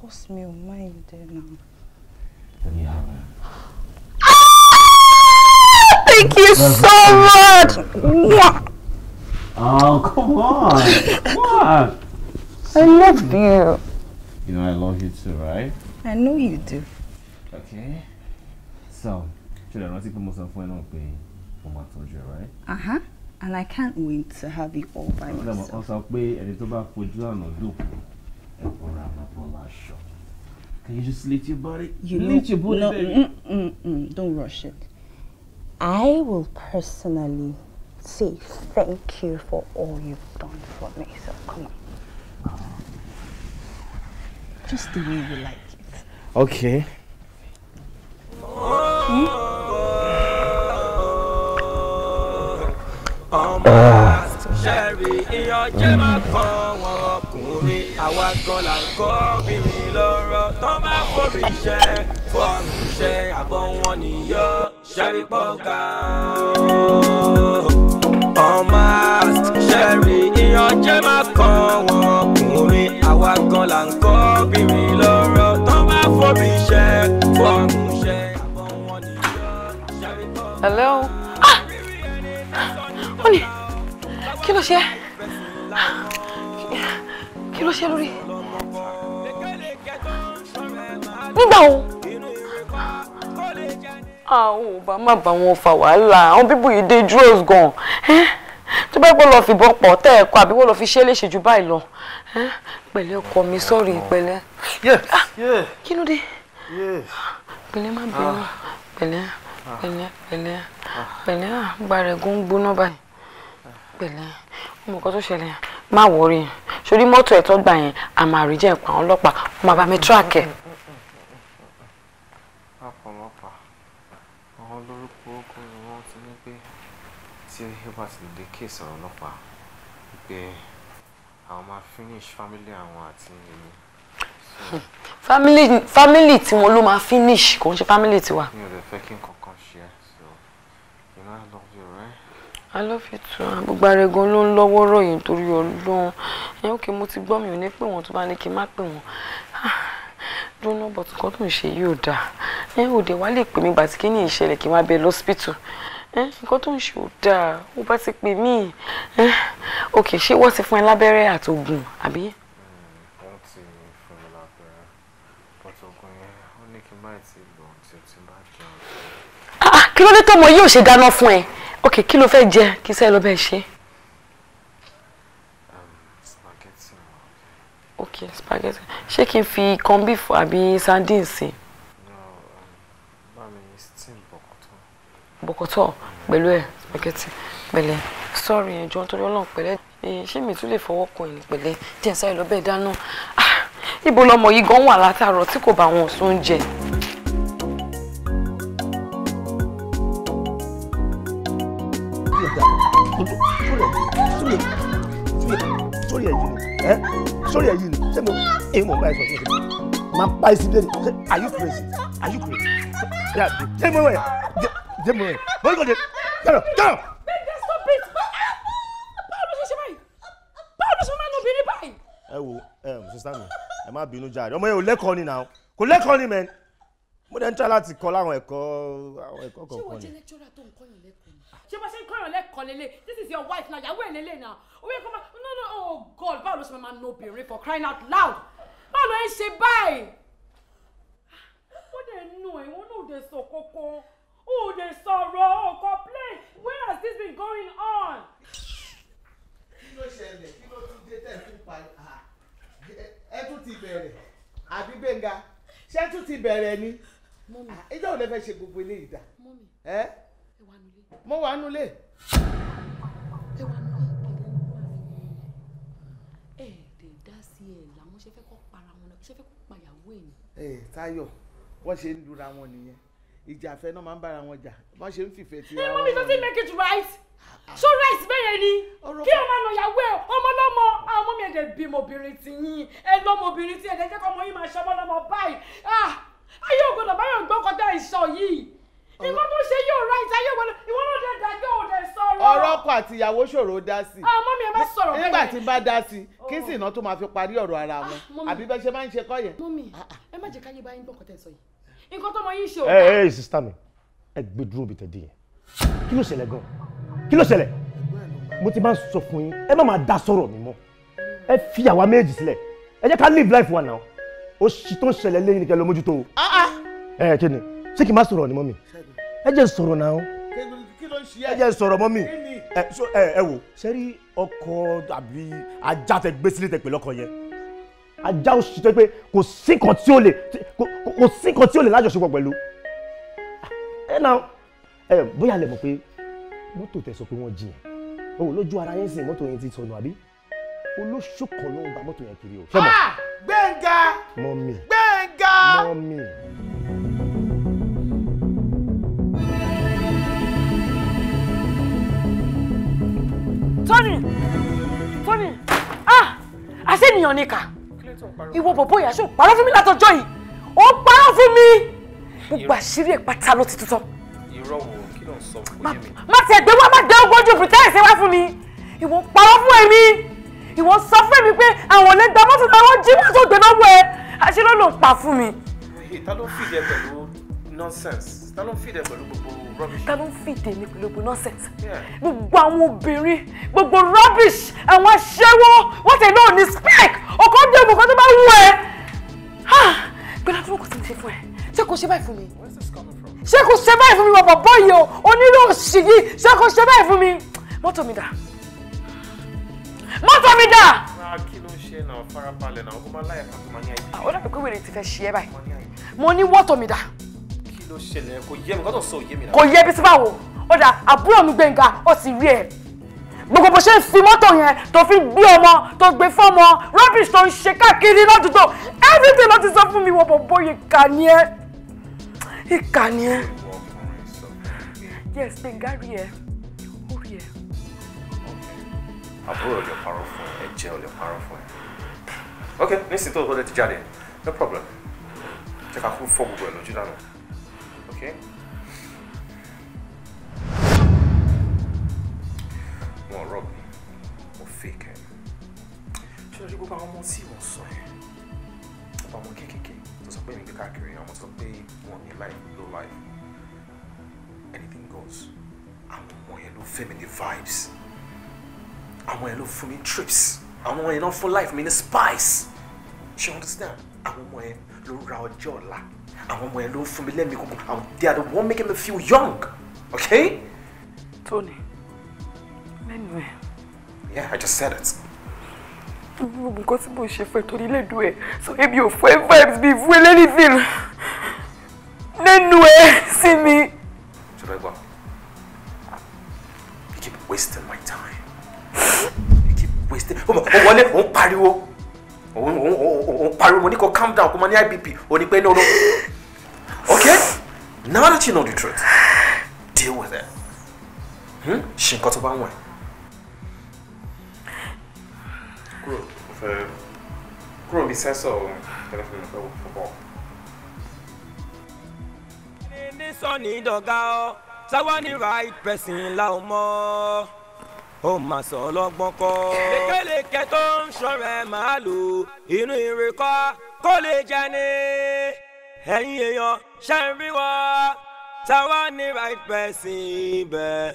course, me or mind now. Yeah. Ah! Thank you That's so good. much. Oh, come on. Come on. I love you. You know I love you too, right? I know you do. Okay. So, should I not take myself when I'm paying for my soldier, right? Uh-huh. And I can't wait to have you all by myself. Also, pay and it's about food, you know, Can you just lift your body? You lift your body. No, mm, mm, mm, don't rush it. I will personally say thank you for all you've done for me. So come on. Just the way you like it. Okay. Hmm? Uh. àwa gan la ń kọ́ obìnrin lọ́rọ̀ tán bá forí iṣẹ́ fọ́ọ̀mù iṣẹ́ àbọ̀ wọn nìyọ ṣẹ́rí pọ́ka ọmọ ṣẹ́rí ìyànjẹ́ má kàn wọ́n ọkùnrin àwa gan la ń kọ́ obìnrin lọ́rọ̀ tán bá forí iṣẹ́ fọ́ọ̀mù iṣẹ́ àbọ̀ wọn nìyọ ṣẹ́rí pọ́ka. hello ah! ah honey kí ló ṣe é ló ṣe lórí nígbà wo. àwọn ò bá má bá wọn fa wàhálà àwọn bíbù yìí dé dúró gan tó bá gbọ́ lọ fìbọn pọ̀ tẹ́ ẹ̀ kọ́ àbí wọ́n lọ fi ṣe é léṣe jù báyìí lọ pẹ̀lẹ́ ọkọ mi sọ́ọ̀rì pẹ̀lẹ́ ah, kí ló dé pẹ̀lẹ́ má ah. bínú pẹ̀lẹ́ ah. pẹ̀lẹ́ pẹ̀lẹ́ pẹ̀lẹ́ àgbà rẹ̀ gún gbóná báyìí pẹ̀lẹ́ ọmọ kan tó ṣẹlẹ̀ má wòrí sórí mọ́tò ẹ̀ tó gbà yẹn a máa rí jẹ́ ìpa àwọn ọlọ́pàá ó máa bá mi track ẹ̀. ọ̀pọ̀lọpọ̀ àwọn lórúkọ orúkọ ni wọ́n ti ní pé tí Herbert lè dé kéèsì ọ̀rọ̀ ọlọ́pàá pé àwọn máa finish family àwọn àti èmi. family family tí wọn ló máa finish kò ń ṣe family tiwa. mi ò lè fẹ́ kí n kankan ṣe é so you know I love you right. I love you too. Gbogbo arẹgan ló ń lọ́wọ́ ròyìn torí ọlọ́run. Ẹ ó kí mo ti gbọ́ mi ò ní pè wọ́n tó bá ní kí n má pè wọ́n. Dúnà bọ̀tù kan tó ń ṣe yìí ò dáa. Ẹ ò dé lè pè mí bàtí kí ni ìṣẹ̀lẹ̀ kí n má bẹ lọ́sípítù. Ẹ nǹkan tó ń ṣe ò dáa. Ó bá ti pè mí. Ẹ òkè ṣé wọ́n ti fún ẹ lábẹ́rẹ́ àtògùn àbí? Hmm, wọ́n ti fún ah, ah, kí ló dé tọ́mọ yìí ò ṣe dáná fún ẹ? ok kí ló fẹ́ jẹ kí sẹ́ẹ̀ lọ́bẹ̀ ṣe. ok spaghetti ṣé kí n fi corn beef àbí sardine sí. Um, bọ̀kọ̀tọ̀ pẹ̀lú ẹ̀ spaghetti pẹ̀lẹ́ sọ́ọ̀rì ẹ̀jọ̀ nítorí ọlọ́run pẹ̀lẹ́ ṣé mi tún lè fọwọ́ kan ẹ̀yìn pẹ̀lẹ́ tí ẹ̀ sáré lọ́bẹ̀ dáná ah, ibo lọmọ yìí gan wà látàárọ̀ tí kò bá wọn sún jẹ. Sorry, sórí ẹ̀yìn ni ẹ sórí ẹ̀yìn mo èyí mo bá ẹ sọ fún mi máa bá are you crazy are you crazy ṣé mo wẹ̀ ṣé mo wẹ̀ mo ní kò dé jọ̀rọ̀ jọ̀rọ̀. ẹ wo sista mi ẹ má bínú jàre ọmọ yẹn ò lẹ́kọ̀ọ́ ni náà kò lẹ́kọ̀ọ́ ni mẹ́ni mo dẹ̀ ń try láti kọ́ láwọn ẹ̀kọ́ àwọn ẹ̀kọ́ kọ̀ọ̀kan ni. ṣé wọ́n jẹ́ lẹ́kítọ́rà tó ń kọ́yàn lẹ́kọ̀ọ́ ṣé bá ṣe ń kọ́yàn lẹ́kọ̀ọ́ lélẹ̀ this is your wife now. yàwó ẹ̀ lélẹ̀ náà ó yẹ máa no no oh god báwo ló ṣe máa na obìnrin for crying out loud báwo ló ń ṣe báyìí. wọ́n dẹ̀ nù ẹ̀ wọ́n náà dẹ̀ sọ kókó ó dẹ̀ sọ̀rọ̀ ó complain where has this been going on. kí ló ṣẹlẹ̀ kí ló tún dé tẹ̀ pa ẹ tún ti bẹ̀rẹ̀ àbí gbẹ̀ngà ṣé tún ti bẹ̀rẹ̀ ni ìjọ́ ò lè fẹ́ ṣe gbogbo eléyìí dà mo wà nulẹ̀. ẹ wà nulẹ̀ ẹ lè dá sí ẹ làwọn ṣe fẹ́ kọ́ para wọn ṣe fẹ́ kọ́ payàwó ẹ̀ ẹ Táyọ̀ wọ́n ṣe ń lura wọn nìyẹn ìjà náà máa ń bára wọn jà wọ́n ṣe ń fìfẹ́ tira wọn. ẹ wọ́n mi sọ sí make it right so rice bẹ́yẹn ni kí ọmọ ànàyàwó ẹ ọmọ lọ́mọ àwọn ah, ọmọ mi ẹ̀dẹ̀ bímọ obìnrin ti yín ẹ lọ́mọ obìnrin ti ẹ̀dẹ̀ jẹ́ kọ́ ọmọ yín máa ṣọmọ lọ́mọ báyìí ah, ayé ògbọ́dọ̀ báyọ̀ gbọ́kọ̀dá ìṣọ yìí ìwọ tó ṣe yóò ra ìtayé wọlé ìwọ ló dé dájọ́ òde sọ̀rọ̀. ọ̀rọ̀ ọkọ àti ìyàwó ṣòro dá sí. ọmọ ah, mi ẹ bá sọ̀rọ̀ bẹ́ẹ̀ nígbà tí n bá dá sí kí oh. sì iná tó máa fi parí ọ̀rọ̀ ara ah, wọn àbí bẹ́ẹ̀ ṣe máa ń ṣe kọ́ yẹn. mọ́mí ah, ẹ má jẹ́ káyé bá yín gbọ́kọ̀tẹ̀ sọ yìí nǹkan tó mọ yín ṣe òkú. ẹ ẹ sista mi ẹ gbé dúró bìtẹ̀ dì yẹn kí ló ṣẹlẹ̀ gan kí ló ṣẹlẹ̀ mo ti máa ń sọ fún yín ẹ má máa dá sọ̀rọ̀ mi mọ́ ẹ fi àwa méjì sílẹ̀ ẹ jẹ́ ká live life wa náà ó ṣì tó ń ṣẹlẹ̀ lẹ́yìn nìkan ló mójútó. ẹ eh, kí ni ṣé kí n má sọ̀rọ̀ ni mọ́mí ẹ jẹ́ sọ̀rọ̀ náà ẹ jẹ́ sọ̀rọ̀ mọ́ mi ẹ wò sẹ́rí ọkọ̀ àbí ajá tẹ gbé sílé tẹ pè lọ́kọ̀ yẹn ajá òṣì tẹ pé kò sí nǹkan tí ó lè kò sí nǹkan tí ó lè lájọṣepọ̀ pẹ̀lú ẹ náà ẹ bóyá lẹ mọ̀ pé mọ́tò tẹ sọ pé wọ́n jiyàn òun lójú ara yẹn sìn mọ́tò yẹn ti sọnù àbí olóṣù kan ló ń ba mọ́tò yẹn kiri o. gbẹ̀ngà ah, gbẹ̀ngà mọ́mì Tony! Tony! Ah! Àṣẹ́niyàn ni kà. Ìwọ bọ̀bọ̀ ìyá ṣó parọ́ fún mi látọjọ́ yìí. Ó parọ́ fún mi. Gbogbo àṣírí ẹ̀ pátá ló ti tutọ́. Irọ́ wo kí ló ń sọ fún yé mi? Má ti ẹ̀gbẹ́ wá má gbé ogún ojú pìtẹ́ ẹ̀sẹ̀ wá fún mi. Ìwọ parọ́ fún èmi. Ìwọ sọ fún èmi pé àwọn olè gba mọ́tò náà wọ́n jí mọ́tò gbẹ náà Àṣírí ló lò pa fún mi. Ìta ló fìdí ẹ pẹ̀lú nonsense ta ló ń fìdẹ pẹ̀lú gbogbo rubbish. ta ló ń fìdẹ mi pẹ̀lú gbogbo nonsense. gbogbo àwọn obìnrin gbogbo rubbish àwọn aṣẹ́wó wọ́n ti náà ní spec ọkọ̀ dé ògùn kan tó bá wù ẹ́. gbẹ́dá tó ń kọ́ sí mi ṣe fún ẹ ṣé kò ṣe báyìí fún mi. ṣé kò ṣe báyìí fún mi bàbá bọ́yì o onílò ṣìgì ṣé kò ṣe báyìí fún mi. mọ́tò mi dà mọ́tò mi dà. kí ló ń ṣe náà farabalẹ̀ náà ó máa láyà pàtó máa ní àyè. ó dàbí pé wèrè ti fẹ́ ṣe é báyìí mo ní wọ́tò mi dà ló ṣẹlẹ̀ kò yé mi kó sọ òye mi náà. kò yé bí síbáwo ó dà àbúrò mi gbẹ̀ngà ó sì rí ẹ̀ gbogbo bó ṣe ń fi mọ́tò yẹn tó fi gbé ọmọ tó gbé fọ́mọ rubbish tó ń ṣe káàkiri ládùúgbò everything ló ti sọ fún mi wọ́n bò bóyá ìkànnì ẹ̀ ìkànnì ẹ̀ yes gbẹ̀ngà rí ẹ̀ ó rí ẹ̀. àbúrò lè parọ́ fún ẹ ẹ̀jẹ̀ ò lè parọ́ fún ẹ ok nísìnyí tó o ti jáde no problem check out who fog will do that okay? Wọ́n rọ̀ mí, mo fake ẹ̀. Ṣé o rí gbogbo àwọn ọmọ tí wọ́n sọ ẹ̀? Ọ̀pọ̀ ọmọ kéékèèké tó sọ pé mi gbé life low life. Anything goes. I'm ọmọ yẹn ló fẹ́ vibes. I'm yẹn ló fún mi trips. Àwọn yẹn ló for life meaning spice. You understand? I'm ọmọ yẹn ló ra ọjọ́ ọ̀la àwọn ọmọ yẹn ló fún mi lẹ́mìí kúkú àwọn they are the one making me feel young okay. Tony lẹ́nu ẹ̀. yeah I just said it. gbogbo nǹkan tí mo ṣe fún ẹ torí lẹ́nu ẹ so èmi ò fún ẹ vibes mi fún ẹ lẹ́nìfìn lẹ́nu ẹ sí mi. ṣe fẹ́ gbọ́ you keep wasting my time you keep wasting o wọlé o ń pariwo òun òun òun pariwo mo ní kó calm down kó mo ní IBP o ní pé no no okay now that you know the truth deal with it hmm? ṣe nǹkan tó bá wọ̀n ẹ̀. kúrò bí sẹ́sọ̀ tẹlifíìmù fẹ́ wò púpọ̀. ní sọ ní ìdọ̀gá ọ sáwọn ní right person la ò mọ̀ ó mà sọ ọlọ́gbọ́n kọ́. lékeleke tó ń ṣọ̀rẹ́ màálù inú ìrè kọ́ kó lè jẹ ní. ẹ̀yin èèyàn ṣe ń rí wọ́n táwa ní right person ibẹ̀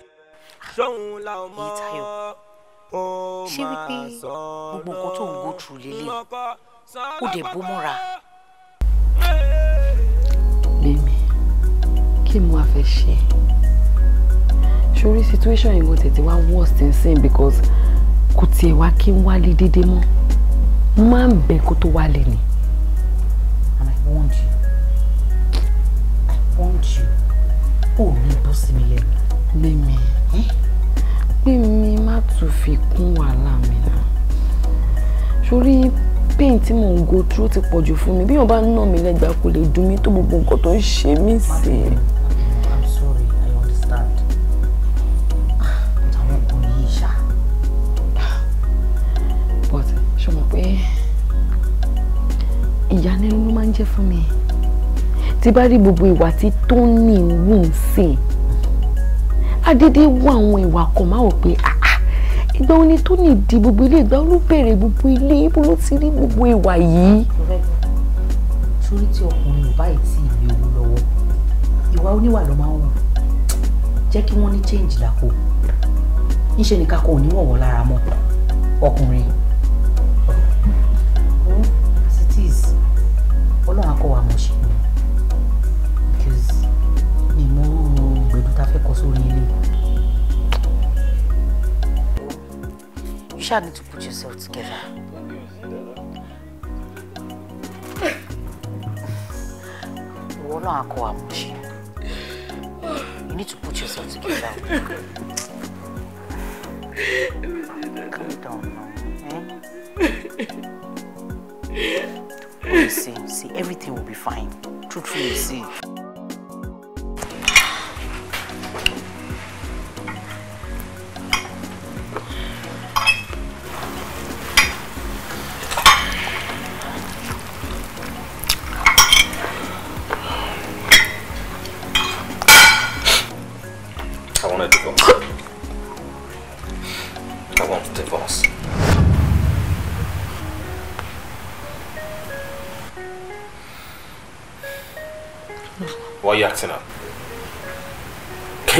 ṣóun la mọ́. ṣé wípé gbogbo nǹkan tó ń go through lélẹ̀ ó dẹ̀ bó mọ́ra. mímí kí mo àfẹ́ ṣe é sórí situation yìí mo tètè wá than nsìn because kò tiẹ̀ wá kí n wálé dédé mọ́ máa ń bẹ kó tó wálé ni. and I want you I want you ó ní bọ́ sí mi lẹ́nu. gbẹ̀mí gbẹ̀mí má tún fi kún wàhálà mi náà sórí pain tí mò ń go through ti pọ̀jù fún mi bí wọ́n bá ń nà mí lẹ́gbàá kò lè dùn mí tó gbogbo nǹkan tó ń ṣe mí sí i. ìyàlẹ́nu ló máa ń jẹ́ fún mi tí bá rí gbogbo ìwà tí Tony ń wù ń sìn adédé wọ àwọn ìwà kan máa wò pé ìgbà wo ni Tony di gbogbo ilé ìgbà wo ló bẹ̀rẹ̀ gbogbo ilé ibo ló ti rí gbogbo ìwà yìí. torí tí ọkùnrin ò báyìí tí ìlú owó lọ́wọ́ ìwà oníwà ló máa ń wù jẹ́ kí wọ́n ní change lápò ńṣe nìkan kò ní wọ̀wọ́ lára mọ́ ọkùnrin ọlọ́run akọ wa mọ̀ ṣe because mi mú ta fẹ́ kọ sórí ilé. You need to put yourself together. ọlọ́run akọ wa ṣe you need to put yourself together. Calm down now. Eh? see, see, everything will be fine. Truthfully, see.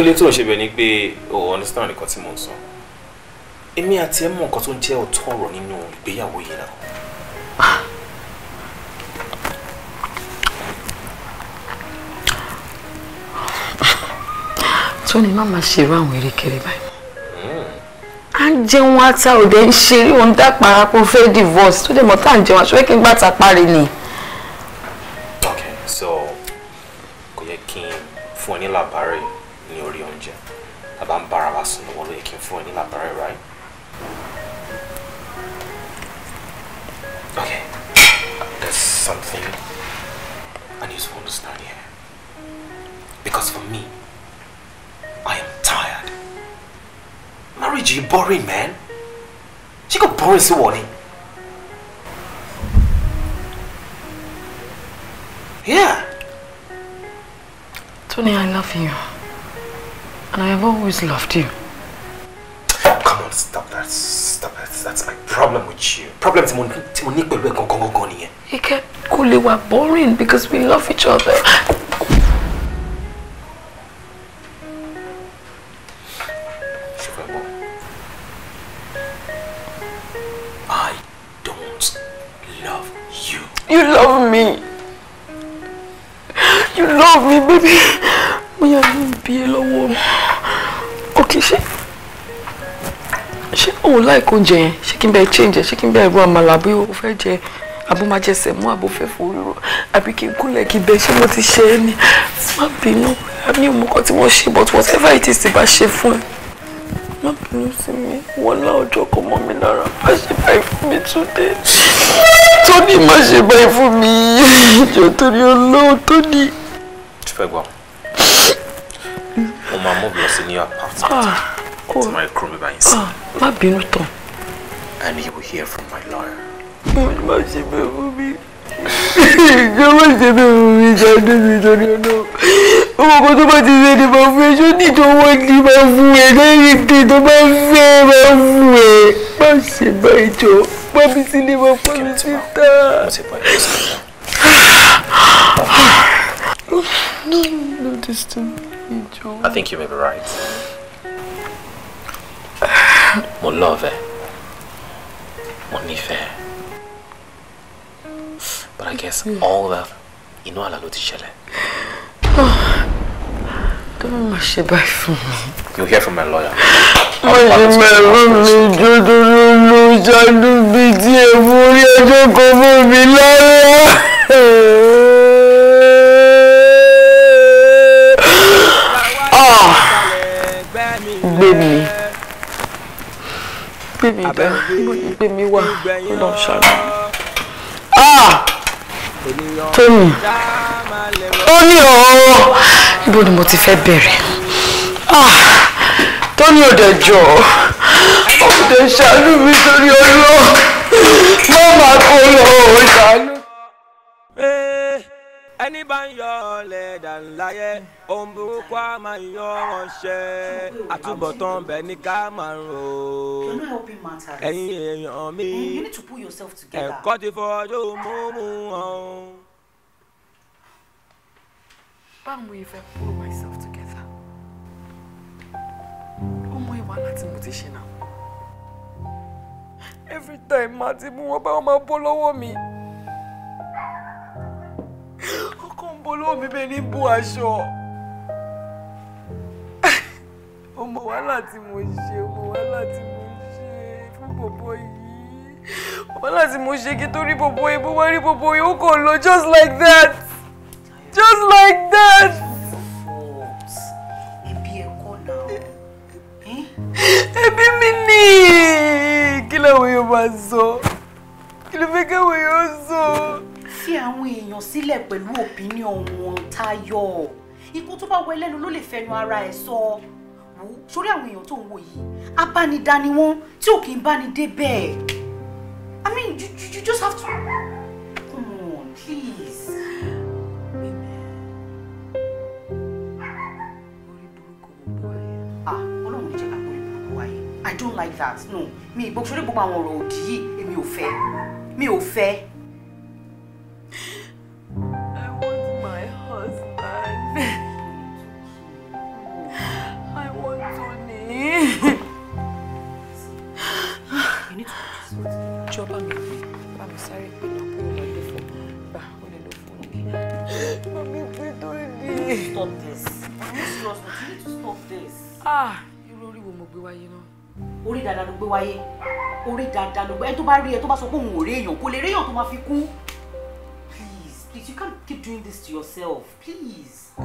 ilé tó ń ṣe bẹ̀ ni pé o understand nǹkan tí mo ń sọ èmi àti ẹ mọ nǹkan tó ń jẹ́ ọ̀tọ̀ ọ̀rọ̀ nínú ìgbéyàwó yìí náà. tóní má máa ṣerú àwọn eré kiri báyìí hmm. à ń jẹun ata òde ń ṣeré òun dá parapọ̀ fẹ́ divorce tó dé mọ́tà ń jẹun aṣọ́wé kí n gbà ta parí ni. Mm. problem with you problem tí mo ní pẹ̀lú ẹ̀ gangan gangan nìyẹn. ike kò lè boring because we love each other like oúnjẹ yẹn ṣé kí n bẹ change ẹ ṣé kí n bẹ ru àmàlà àbí o fẹ́ jẹ àbó máa jẹ sẹ̀mú àbó fẹ́ fòrúrò àbí kí n kúnlẹ̀ kí bẹ ṣé mo ti ṣe é ni má bínú àmì ìmọ̀kọ tí wọ́n ṣe but whatever it is ti bá ṣe fún ẹ má bínú sí mi wọ́n lá ọjọ́ kan mọ́ mi lára má ṣe báyìí fún mi Túndé Tóní má ṣe báyìí fún mi ìjọ torí olówó Tóní. tí fẹ́ gbọ́ mo máa mú bí ọ sí ní apartment. Ah kò tí máa kúrò mi báyìí sí. má bínú tán. and you will hear from my lawyer. má ṣe bẹ́ẹ̀ fún mi ìjọ má ṣe bẹ́ẹ̀ fún mi ìjọ ọdún mi torí ọdún owó kan tó bá ti ṣe ni máa fún ẹ ṣó ní ìjọwọ́ ni máa fún ẹ lẹ́yìn tí tó bá fẹ́ máa fún ẹ má ṣe báyìí jọ pọ́bí sílé máa pọ́bí síta. No, no, this time. I think you may be right mo love ẹ mo but I guess hmm. all that inú ala lo ti ṣẹlẹ̀. Don't bá máa ṣe báyìí fún mi. hear from my lawyer. má gbé mi ah! dá mo ní gbé mi wá lọ ṣàlù. tómi tómi ọ̀ọ́ ibo ni mo ti fẹ́ bẹ̀rẹ̀ ah! tómi òde jọ òde ṣàlù mi torí ọlọ́ mọ́ máa kó lọ òun ṣàlù ẹni bá ń yọ ọ̀lẹ dànláyé ohun burúkú á máa yọ ọ̀ṣẹ́ àtúbọ̀tán bẹ̀ ní ká máa ń ẹ̀yin èèyàn mi ẹ̀kọ́ ti fọ ọjọ́ mímú ọ̀hún. báwo pull myself together ọmọ ìwà láti mo ti ṣe every time màá ti mú wọn bá wọn máa bọ́ mi ọkọ ń bọ́ lọ́wọ́ bẹ́ẹ̀ ní bú aṣọ ọmọ wàhálà tí mo ṣe ọmọ wàhálà tí mo ṣe fún bòbó yìí wàhálà tí mo ṣe kí tó rí bòbó yìí bó wá rí bòbó yìí ó kò lọ just like that just like that. ibi ẹ̀kọ́ náà ẹbí mi ní kí làwọn èèyàn máa sọ kí ló fẹ́ káwọn èèyàn sọ fi àwọn èèyàn sílẹ̀ pẹ̀lú opinion wọn tayọ ikú tó bá wọ ẹlẹ́nu ló lè fẹnu ara ẹ̀ sọ wò sórí àwọn èèyàn tó ń wò yìí abánidání wọn tí ò kì í báni dé bẹ́ẹ̀ I mean you, you, you just have to come on please. ah ọlọ́run ìjẹ́ ká gbọ́dọ̀ burúkú wáyé I don't like that no mi ìgbọ́ sórí gbogbo àwọn ọ̀rọ̀ òdì yìí èmi ò fẹ́ mi ò fẹ́. [laughs] I want to to leave. I'm sorry, stop stop this. this. Ah, you really orí dáadáa ló gbé wáyé orí dáadáa ló gbé ẹ tó bá rí ẹ tó bá sọ pé òun ò rí èèyàn kò lè rí èèyàn tó máa fi kú Please, you can't keep doing this to yourself. Please. [laughs] uh,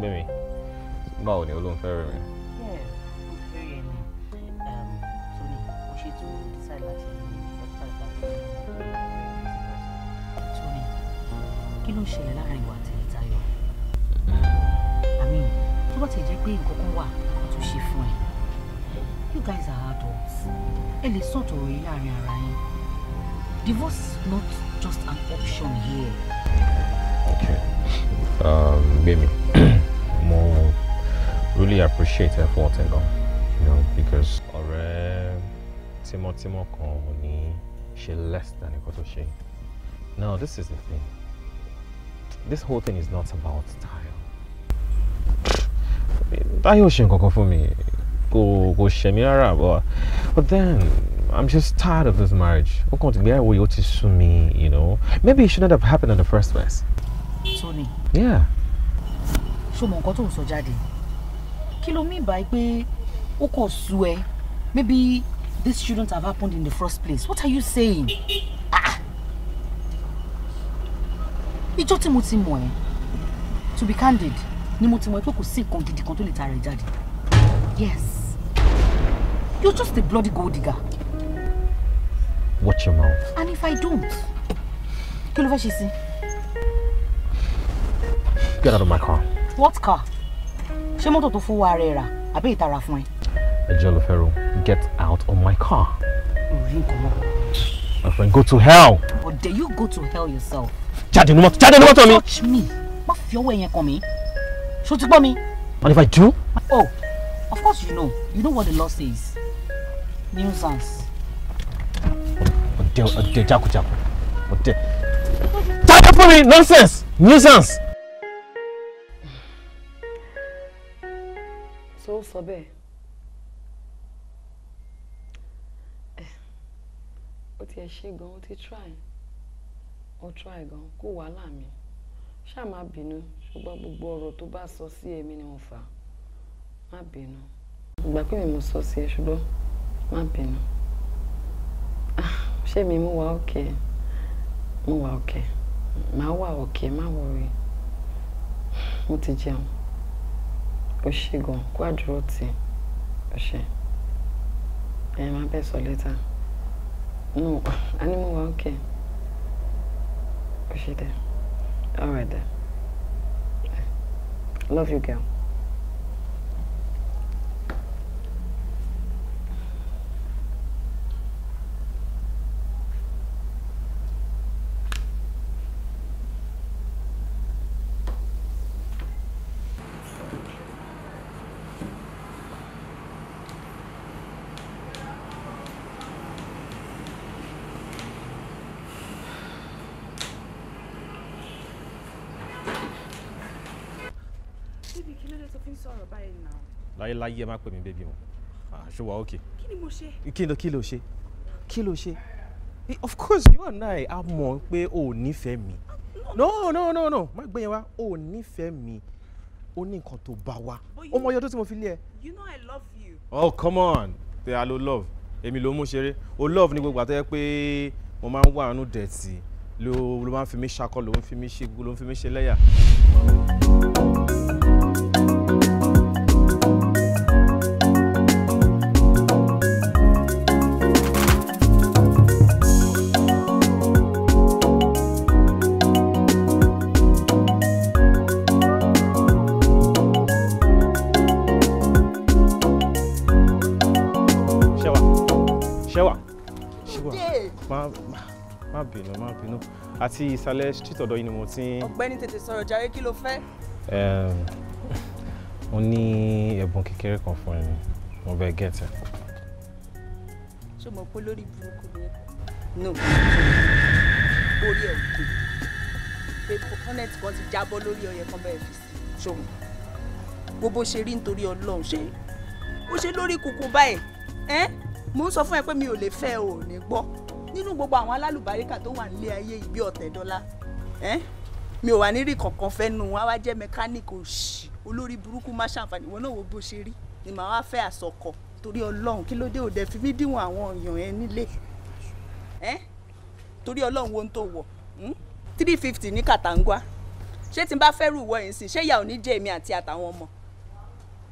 Mimi, alone, báwo ni olóhùn fẹ́rẹ̀ mi? Um, kí ló ń ṣẹlẹ̀ láàrin ìwà àtẹ̀yìn Táyọ̀? àmì tó bá ti jẹ́ pé nǹkan kan wà tó ṣe to ẹ You guys are adults. Ẹ lè sọ̀tọ̀ òye láàrin ara yín. Divorce is not just an option here. Okay. Um, Gbemi, [clears throat] mo really appreciate ẹ fún ọ̀tẹ̀ gan. You know, because ọ̀rẹ́ tímọ́tímọ́ kan ò she less than nǹkan tó Now, this is the thing. This whole thing is not about style. Táyọ̀ shouldn't kan fún mi. Go, go ṣe mí rárá but but then I'm just tired of this marriage ó kàn ti gbé àwòye ó ti sú mi you know maybe it shouldn't have happened in the first place. Tony. yeah. ṣo mọ nǹkan tó ń sọ jáde kí ló mí báyìí pé ó kàn sú ẹ maybe this shouldn't have happened in the first place what are you saying. ìjọ́ ah! tí mo ti mọ̀ ẹ́ to be candid ni mo ti mọ̀ pé kò sí nǹkan gidi kan tó lè ta rẹ̀ jáde yes. You're just a bloody gold digger. Watch your mouth. And if I don't? Kí Get out of my car. What car? She mọ́tò tó fún wa rẹ̀ rà àbí ìtara fún ẹ? Ẹjọ́ ló fẹ́ get out of my car. My friend, go to hell. Or dare you go to hell yourself? Jáde ní mọ́tò, jáde ní mọ́tò mi. Touch me, má fi ọwọ́ ẹ̀yẹn kan mi. Ṣo ti gbọ́ mi? And if I do? Oh, of course you know. You know what the law says nuisance. ọ̀dẹ̀ ọ̀dẹ̀ jákujàku ọ̀dẹ̀ jáde for me. nonsense nuisance. so sọ bẹ́ẹ̀ eh, ó tiẹ̀ ṣe gan try O try gan kó wàhálà mi ṣáà má bínú ṣùgbọ́n gbogbo ọ̀rọ̀ tó bá sọ sí ni mo fà á má bínú mi mo sọ sí má bínú ṣé mi mú wa òkè mú wa òkè má wà òkè má wọrí mo ti jẹun ṣe gan kó àdúró tì ṣe ẹ má no a ní mú wa òkè ó ṣe dẹ love you girl. láyé má pè mí bébí mọ́ ṣó wà okay. kí ni mo ṣe. kí ló kí ló ṣe kí ló ṣe eh, of course you and I a pé o ò nífẹ̀ẹ́ mi no no no no má gbé wá o ò nífẹ̀ẹ́ mi ó ní nǹkan tó bá wa ó mọ iye ọdún tí fi lé ẹ. you know I love you. oh come on tẹ a lo love èmi ló mú ṣeré o love ní gbogbo àtẹ́yẹ pé mo máa ń wà àánú dẹ̀tì ló ló máa ń fi mí ṣakọ ló ń fi mí ṣe ló ń fi mí ṣe lẹ́yà. àti ìsàlẹ̀ street ọ̀dọ̀ yìí ni mo ti ń. ọ̀gbẹ́ni tètè sọ̀rọ̀ jàre kí ló fẹ́. mo ní ẹ̀bùn kékeré kan fún ẹ ni mo bẹ gẹ̀ẹ́tẹ̀. ṣé mo pé lórí burúkú ni no orí ẹ̀ kò pé kọ́nẹ́tì kan ti jábọ́ lórí ọyẹ kan bẹ́ẹ̀ fi sí ṣòwò gbogbo ṣe rí nítorí ọlọ́run ṣe ó ṣe lórí kùkù báyìí mo ń sọ fún ẹ pé mi ò lè fẹ́ ò ní gbọ́ nínú gbogbo àwọn alálùbáríkà tó wà nílé ayé ìbí ọ̀tẹ̀ dọ́là mi ò wà ní rí kankan fẹ́ nu wọn wá jẹ́ mẹkáníìkì òṣì olórí burúkú má ṣàǹfààní ìwọ náà wo bó ṣe rí ni màá wá fẹ́ àsọkọ torí ọlọ́run kí ló dé òde fi mí díwọ̀n àwọn èèyàn ẹ nílé torí ọlọ́run wo ń tó wọ̀ hmm? three fifty ní kàtàǹgwá ṣé tí n bá fẹ́ rú ìwọ yìí sí ṣé ìyá ò ní jẹ́ èmi àti àtàwọn ọmọ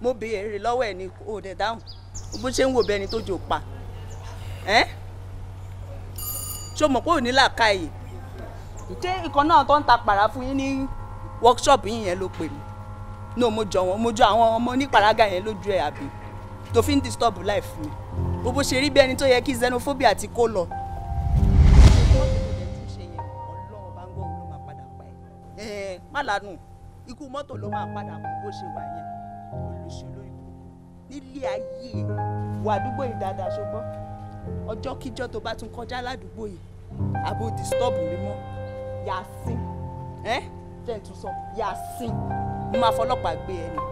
mo béèrè lọ́wọ́ ẹ̀ ní òde dáhùn bó ṣe ń wò bẹ́ni tó jò pa ṣó mọ̀ pé ò ní làákàyè ṣé ìkan náà tó ń ta pàrà fún yín ní workshop yín yẹn ló pè mí ní o mo jọ wọn mo jọ àwọn ọmọ onípàrágà yẹn lójú ẹ àbí tó fi ń disturb life mi gbogbo ṣe rí bí ẹni tó yẹ kí xenophobia ti kó lọ. má lanu ikú mọ́tò ló máa padà kú bó ṣe wà yẹn olùṣèlú ikú nílé ayé wà yìí dáadáa ṣùgbọ́n ọjọ́ kíjọ́ tó bá tún kọjá ládùúgbò yìí abo disturb mi mọ́ yàsìn ẹ́ jẹ́ sọ yàsìn mo máa fọlọ́pàá gbé ẹni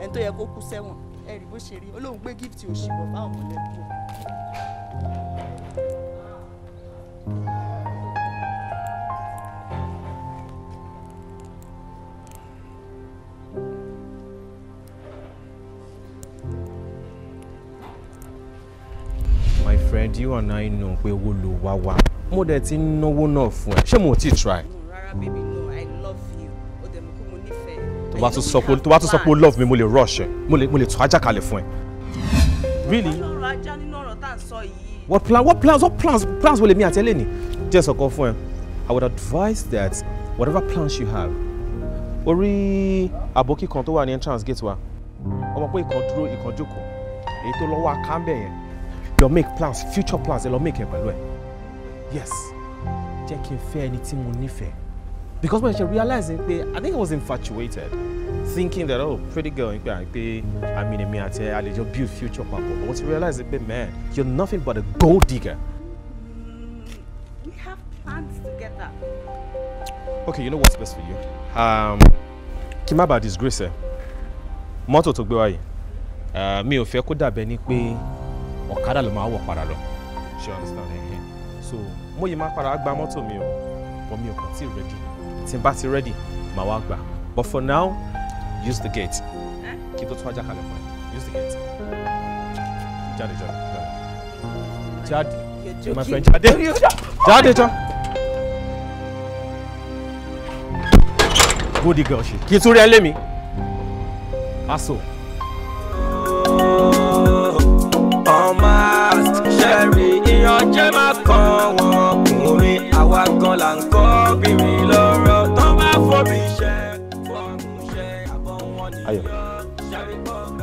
ẹni tó yẹ kó kú sẹ́wọ̀n ẹ bó ṣe rí olóhùn gbé gift òṣìbọ̀ fáwọn mọ̀lẹ́bí ẹ̀. friend you and I know pé owó ló wá mo dẹ̀ ti náwó náà fún ẹ ṣé mo ti try. tó bá tún sọ pé tó bá tún sọ pé o love me mo lè rush ẹ mo lè mo lè tún ajá fún ẹ. really. what plan what plans what plans plans wo lèmi àti ẹ lè ní. jẹ́ sọ̀kan fún ẹ i would advise that whatever plans you have orí àbókí kan tó wà ní entrance gate wa ọmọ pé ìkan dúró ìkan jókòó èyí tó lọ́wọ́ akáńbẹ̀ yẹn lọ make plans future plans ẹ lọ make ẹ pẹ̀lú ẹ yes jẹ́ kí n fẹ́ ẹni tí mo nífẹ̀ẹ́ because when she realized pé I think I was infatuated thinking that oh pretty girl pé pé àmì ni mi àti ẹ a lè jọ build future papọ̀ but once you realize pé man you're nothing but a gold digger. we have plans together. okay you know what's best for you. Um, kí má bàa disgrace ẹ mọ́tò tó gbé wáyé uh, mi ò fẹ́ kó dàbẹ́ ni pé ọ̀kadà ló máa wọ̀ padà lọ ṣé understand ẹ̀ eh, eh. so mo yìí máa padà gba mọ́tò mi o but mi ò kàn tí ready tí n bá ti ready màá wá gbà but for now use the gate kí tó tún ajá kalẹ̀ fún ẹ use the gate jáde jáde jáde jáde my friend jáde jáde tán. goody girl ṣe kí n tún rí ẹ lé mi aso. ọmọ ṣẹ́rí èèyàn jẹ́ máa wọ́n ọkùnrin àwa gan là ń kọ́ obìnrin lọ́rọ̀ tó bá fòbí iṣẹ́ fọ́ọ̀mù iṣẹ́ àbọ̀ wọn nìyọ.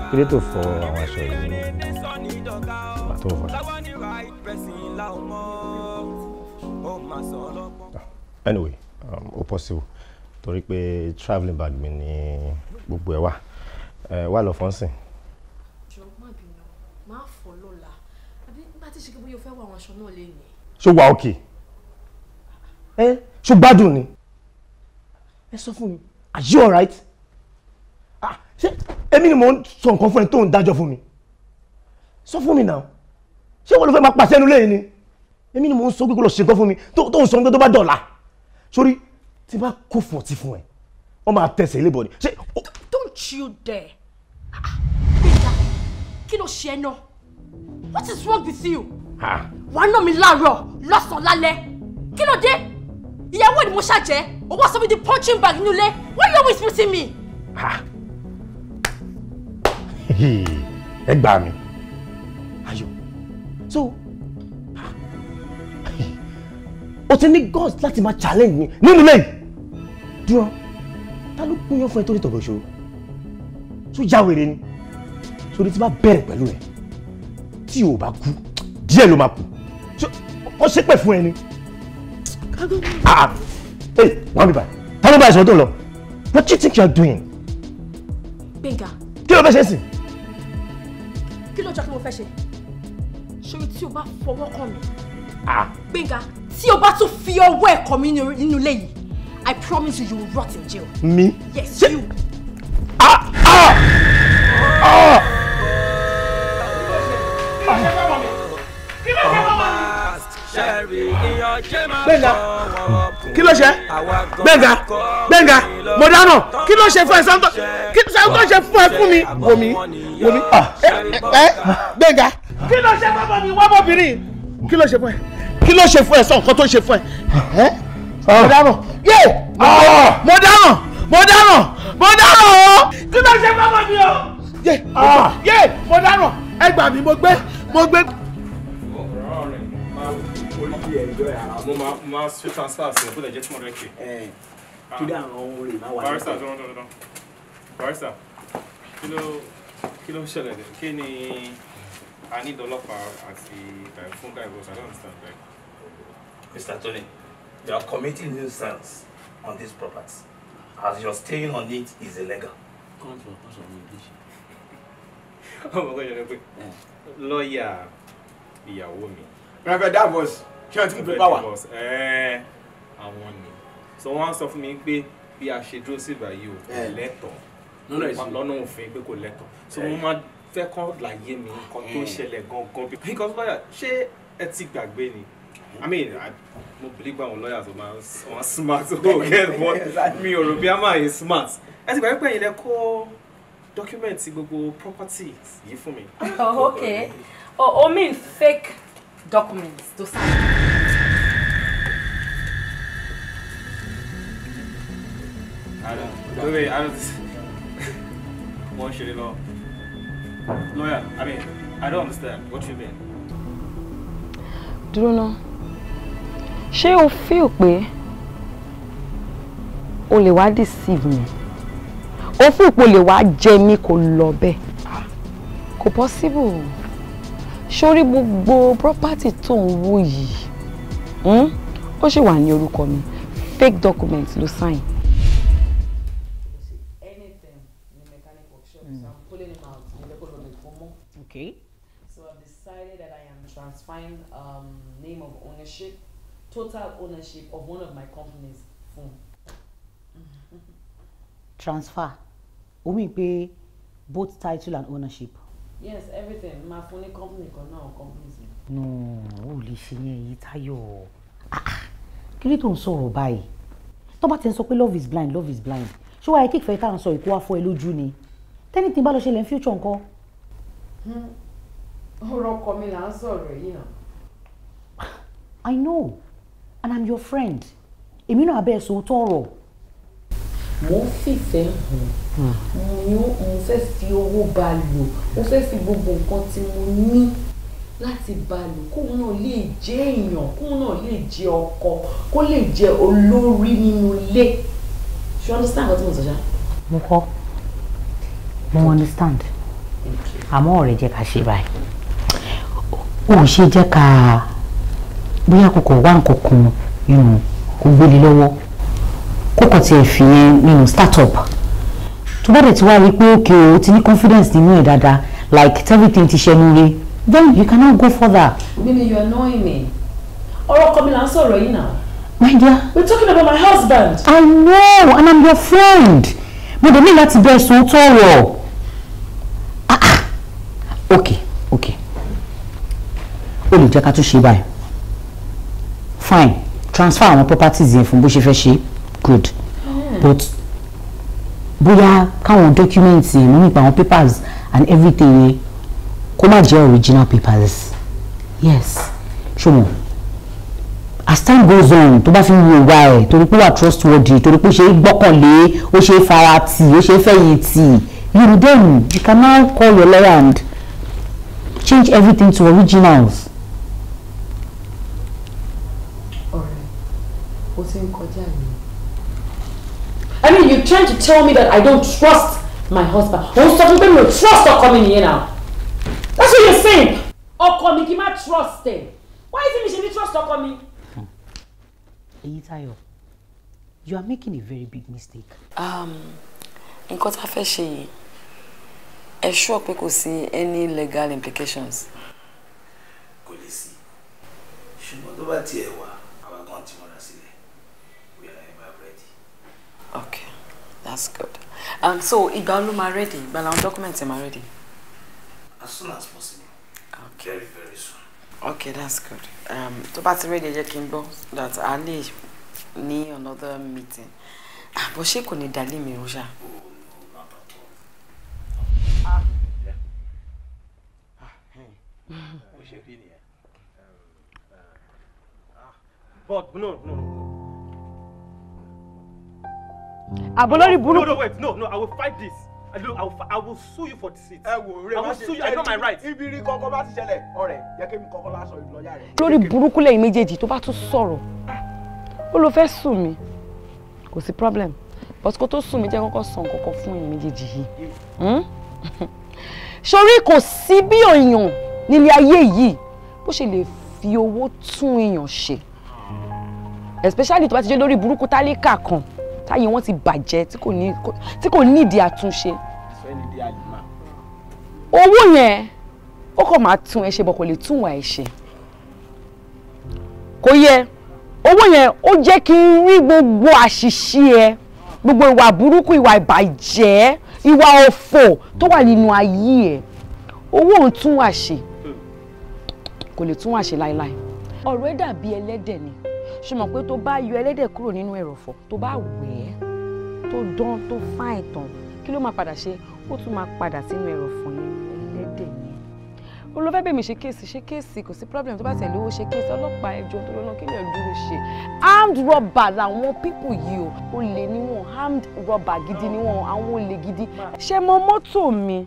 kí ló tó fọ àwọn aṣọ yìí nígbà tó fọ. Ah, anyway um, ó possible torí pé travelling bag mi ni gbogbo ẹ̀ wà wà lọ fọ́nsìn. àti ṣe kí bóyá o fẹ́ wọ àwọn aṣọ náà lẹ́yìn. ṣó wà òkè ẹ ṣó gbádùn ni ẹ sọ fún mi are you alright ah ṣé èmi ni mò ń sọ nǹkan fún ẹ tó ń dájọ́ fún mi sọ fún mi náà ṣé wọ́n ló fẹ́ máa pàṣẹ ẹnu lẹ́yìn ni èmi ni mò ń sọ pé kó lọ ṣètò fún mi tó ń sọ pé tó bá dọ̀la sórí tí bá kó fún ọtí fún ẹ wọ́n máa tẹ̀sẹ̀ ilé bọ̀ ni. don't you dare ah, ah, kí ló ṣe ẹ náà. What is wrong with you? Wàá nà mí láàárọ̀ lọ́sàn-án lálẹ́. Kí ló dé? Ìyàwó ni mo ṣàjẹ́. Owó sọ mi di punching bag nílé. Why are you always missing me? Ẹ gbà mí. Ayọ̀. So, o ti ní guts láti máa challenge mi nínú lẹ́yìn. Dúró, ta ló kún yán fún ẹ tó ní tọ̀gbọ̀ṣọ́? Tó yá wèrè ni. Sori ti bá bẹ̀rẹ̀ pẹ̀lú rẹ̀ tí o bá kú díẹ̀ ló máa kú wọ́n ṣépè fún ẹni. ee wọ́n mi bá ta bá ìṣòro tó lọ what do you think you are doing. gbẹ̀ngà. kí ló fẹ́ ṣe sìn. kí ló jọ kí mo fẹ́ ṣe ṣòro tí o bá fọwọ́ kàn mí. Ah. gbẹ̀ngà tí o bá tún fi ọwọ́ ẹ̀kọ́ mi nínú ilé yìí I promise you you will rot in jail. me. yes you. ah ah ah. gbẹ̀ngà kí ló ṣe gbẹ̀ngà gbẹ̀ngà mo dáná kí ló ṣe fún ẹ santo kí santo ṣe fún ẹ fún mi wò mí wò mí ẹ ah, eh, eh, eh, gbẹ̀ngà kí ló ṣe fún ọmọ mi wọ́n bọ̀bìnrin kí ló ṣe fún ẹ kí ló ṣe fún ẹ sọ nǹkan tó ṣe fún ẹ mo ah. dáná yé mo ah. dáná mo dáná mo dáná o kí ló ṣe fún ọmọ mi o yé mo dáná ẹ gbà mí mo gbé mo gbé barista dán dán dán barista kí ló kí ló ń ṣẹlẹ̀ dẹ̀ kí ni a ní dọ́lọ́pàá àti fún Mr. Tony, you are committing nuisance on this property as your staying on it is illegal. Come to us on English. Oh my God, you're a lawyer. Ìyàwó mi. Reverend Davos kí wọ́n ti mú pépà wá. àwọn ni so wọ́n sọ fún mi pé bí a ṣe dúró sí ìgbà yìí o eh, lẹ́tọ̀ọ́ lọ́nà òfin pé kò lẹ́tọ̀ọ́ so mo eh. máa fẹ́ kọ́ láyé mi nǹkan tó eh. ṣẹlẹ̀ gangan bí. because báyà ṣé ẹ ti gbàgbé ni i mean I, mo believe àwọn lawyers ọ̀ máa wọ́n smart ó [laughs] get but mi ò rò bí a máa yẹ smart ẹ ti gbàgbé pé ẹ̀yin lẹ kó document gbogbo property yìí fún mi. [laughs] Oh, ok o oh, oh mean fake documents to sign. I don't. Wait, I don't. What should law? Lawyer, I mean, I don't understand. What you mean? Dúró ná. Ṣé o feel pé o lè wá deceive mi? O feel pé o lè wá jẹ mí kó lọ bẹ́ẹ̀? Ah, kò possible sórí gbogbo property tó ń wò yìí hmm, ó ṣì wà ní orúkọ mi fake document ló sign. Hmm. Okay. So I've decided that I am transferring um, name of ownership, total ownership of one of my companies. Fún. Transfer. Ó mi pé both title and ownership yes everything máa fún ní company kan náà companies mi. no ò lè ṣe yẹn èyí Táyọ̀ ah, kí ló tó ń sọ̀rọ̀ báyìí tó bá ti ń sọ love is blind love is blind ṣé wàá kíkfẹ́ tá à ń sọ ìkó afọ ẹ lójú ni tẹ́ni tí n bá lọ ṣẹlẹ̀ ń future nǹkan. Hmm. ọ̀rọ̀ ọkọ mi là ń sọ̀rọ̀ yìí I know and I'm your friend èmi náà abẹ́ toro. sòótọ́ ọ̀rọ̀ mo ń fìfẹ́ hàn mo fẹ́ fi owó ba lò mo fẹ́ fi gbogbo nǹkan tí mo ní láti ba lò kóun náà lè jẹ́ èèyàn kóun náà lè jẹ́ ọkọ kó lè jẹ́ olórí nínú ilé ṣé understand what tí mo sọ ṣá. mo kọ́ mo understand àmọ́ ọ̀rẹ́ jẹ́ ká ṣe báyìí ò ṣe jẹ́ ká bóyá kòkò wá nǹkan kan nínú kò gbélé lọ́wọ́ kókò tiẹ̀ fi yẹn nínú startup tó bá dẹ̀ ti wá rí i pé òkè o ti ní confidence nínú ẹ̀ dáadáa like everything ti ṣẹnu re then you cannot go further. Mimi you are annoying me ọ̀rọ̀ ọkọ mi là ń sọ̀rọ̀ yìí náà. my dear. we talking about my husband. I know and I'm your friend mo dẹ̀ ní láti bẹ ẹ̀sùn tọ̀rọ̀ ah ah okay okay o lè jẹ́ ká tún ṣe báyìí fine transfer àwọn properties yẹn fún bó ṣe fẹ́ ṣe é good mm. but bóyá káwọn documents yẹn nípa àwọn papers and everything yẹn kó má jẹ́ original papers yes ṣùgbọ́n as time goes on tó bá fi ń wo ìwà ẹ̀ torí pé wà trustworthy torí pé ó ṣe é gbọ́kànlé ó ṣe é fara tì ó ṣe é fẹ̀yìntì you then you can now call your lawyer and change everything to originals. ọ̀rẹ́ o ti ń kọjá yìí. I mean, you're trying to tell me that I don't trust my husband. Òun sọ fún pé mi ò trust ọkọ mi nìyẹn náà. That's what you're saying. Or coming, you í trust ẹ̀. Why is it mi ṣe ní trust ọkọ mi? Eyitayo, you are making a very big mistake. Um, in tá a fẹ́ ṣe yìí, ẹ ṣọ́ pé any legal implications. Kò lè sí, ṣùgbọ́n tó okay that's good um, so ìgbà ló ready ìgbà làwọn documents máa ready. as soon as possible. okay very very soon. okay that's good um, tó bá ti ready jẹ́ kí n gbọ́ that a lè ní another meeting àbọ̀ ah, ṣé kò ní dalí mi rúṣà. Oh, ah, [laughs] um, uh, ah, but no no no àbólórí burúkú. no no wait no no i will fight this. I will, I will, I will sue you for deceit. Ẹ wo re I will sue you, I know my rights. Ibi rí kọ́kọ́ bá ti ṣẹlẹ̀, ọ̀rẹ́ yẹ kí mi kọ́kọ́ bá sọ ìlọ́yà rẹ̀. Lórí burúkú lẹ́yìn méjèèjì tó bá tún sọ̀rọ̀, ó ló fẹ́ sùn mí, kò sí problem. But kó tó sùn mí jẹ́ kọ́kọ́ sàn kọ́kọ́ fún ẹ̀yin méjèèjì yìí. Hmm? [laughs] Sori kò sí bí èèyàn nílé ayé yìí bó ṣe lè fi owó tún èèyàn ṣe. Especially tó bá ti jẹ́ lórí burúkú tálíkà kan táyé wọn ti bàjẹ́ tí kò nídìí àtúnṣe. owó yẹn ó kàn máa tún ẹ ṣe bọ̀ kò lè tún wà ẹ ṣe kò yẹ owó yẹn ó jẹ́ kí n rí gbogbo àṣìṣe ẹ gbogbo ìwà burúkú ìwà ìbàjẹ́ ìwà òfò tó wà nínú ayé ẹ owó òun tún wà ṣe kò lè tún wà ṣe láéláé ọ̀rọ̀ ẹ dàbí ẹlẹ́dẹ̀ ni ṣe mọ̀ pé tó bá yọ ẹlẹ́dẹ̀ kúrò nínú ẹ̀rọ̀fọ̀ tó bá wẹ̀ ẹ́ tó dán tó fá ìtàn kí ló máa padà ṣe ó tún máa padà sínú ẹ̀rọ̀fọ̀ yẹn ẹlẹ́dẹ̀ yẹn olùfẹ́ bèmí ṣe kéèsì ṣe kéèsì kò sí problem tó bá tẹ̀lé owó ṣe kéèsì ọlọ́pàá ẹjọ́ tó lọ́nà kí lè dúró ṣe armed robber làwọn people yìí o olè ni wọ́n armed robber gidi ni wọ́n àwọn olè gidi ṣé mo mọ́tò mi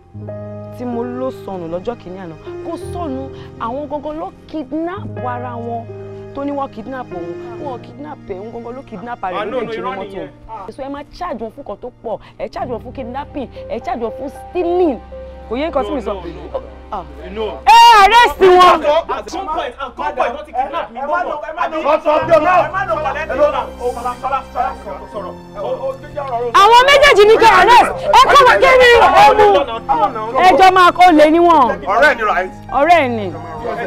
tí mo lọ sọnù lọ́jọ́ kìíní àná kò sọnù àwọn gangan ló kidnap ara wọn tó ní wọ́n kidnap òun wọ́n kidnap ẹ̀ ń gbọ́ngàn ló kidnap rẹ̀ ah, ló lè jí ní mọ́tò. èso ẹ máa charge wọn fún kan tó pọ̀ ẹ charge wọn fún kidnapping ẹ charge wọn fún stealing kò yé nǹkan tí mi sọ. ẹ àrẹ́sì wọn. àwọn méjèèjì ní kí arrest ẹ kọ́ wọn kéré ọmú ẹjọ́ máa kó lé níwọ̀n. ọ̀rẹ́ ni right. ọ̀rẹ́ ni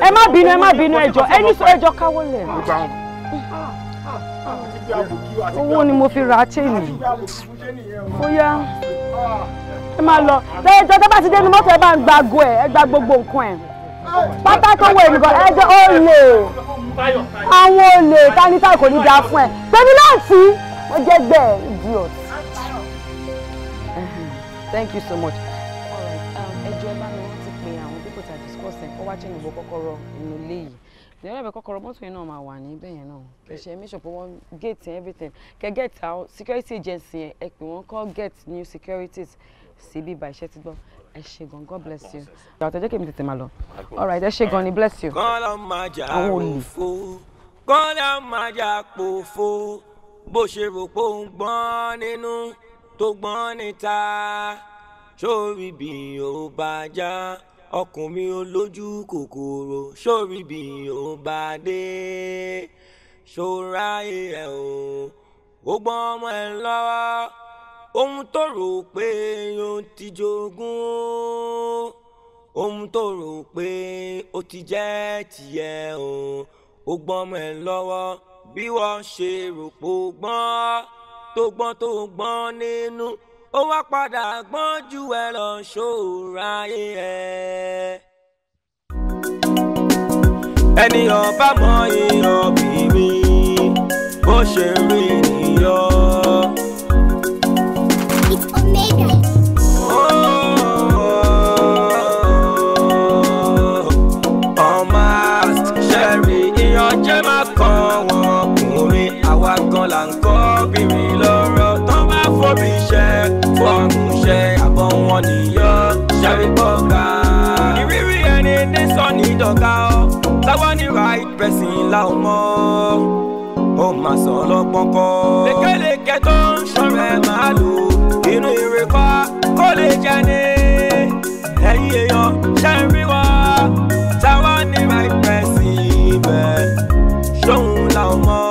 ẹ má bínú ẹ má bínú ẹjọ́ ẹni sọ ẹjọ́ káwọ́ lẹ̀. owó ni mo fi ra chain. ó yá ẹ máa lọ bẹ́ẹ̀ jọ tó bá ti dé inú mọ́tò ẹ bá ń gba ago ẹ ẹ gba gbogbo nǹkan ẹ pátákó wo ènìkan ẹ jẹ olè àwọn olè táníkà kò ní dáa fún ẹ pẹ̀lú láti ó jẹ́ bẹ́ẹ̀ idiot. thank you so much. Um, ẹjọ́ ẹ bá mi rántí pé àwọn pípọ̀ tá a discuss ẹ̀ kọ́ wá jẹ́ ìbò kọ́kọ́rọ́ inú ilé yìí ìyàrá ìbẹ̀ kọ́kọ́rọ́ mọ́tò yẹn náà máa wà níbẹ̀ yẹn náà kẹ̀ṣẹ́ make sure wọ́n gate everything kẹ́ get security agency yẹn ẹ pè wọ́n call get new securities sí bíbá iṣẹ́ ti gbọ́ ẹ ṣe gan god bless you. ìyàwó tẹ́jọ́ kí èmi tètè máa lọ all right ẹ ṣe gan ni bless you. kọ́lá máa jà òfo kọ́lá máa jà pòfo bó ṣe rò pé ó ń gbọ́n nínú tó gbọ́n níta sórí bí ó bá já ọkùnrin olójú kòkòrò sórí bí ó bá dé ṣọ́ra ẹ̀ o ó gbọ́n ọmọ ẹ̀ lọ́wọ́ ohun tó rò pé ó ti jogún ohun tó rò pé ó ti jẹ́ tiẹ̀ o ó gbọ́n mọ́ ẹ lọ́wọ́ bí wọ́n ṣe rò pó gbọ́n tó gbọ́n tó gbọ́n nínú ó wá padà gbọ́n jù ẹ lọ ṣòro ayé ẹni ọba mọ ìyàn bíbí bó ṣe rí nìyọ. lámọ́ ó mà sọ ọlọ́gbọ́n kọ́. lékeleke tó ń ṣọ̀rọ̀ ẹ̀ máa lò inú ire kọ́ kó lè Hey yo, ẹ̀yìn èèyàn ṣe ń rí wa táwa ní right person ibẹ̀ ṣóhun làwọn mọ́.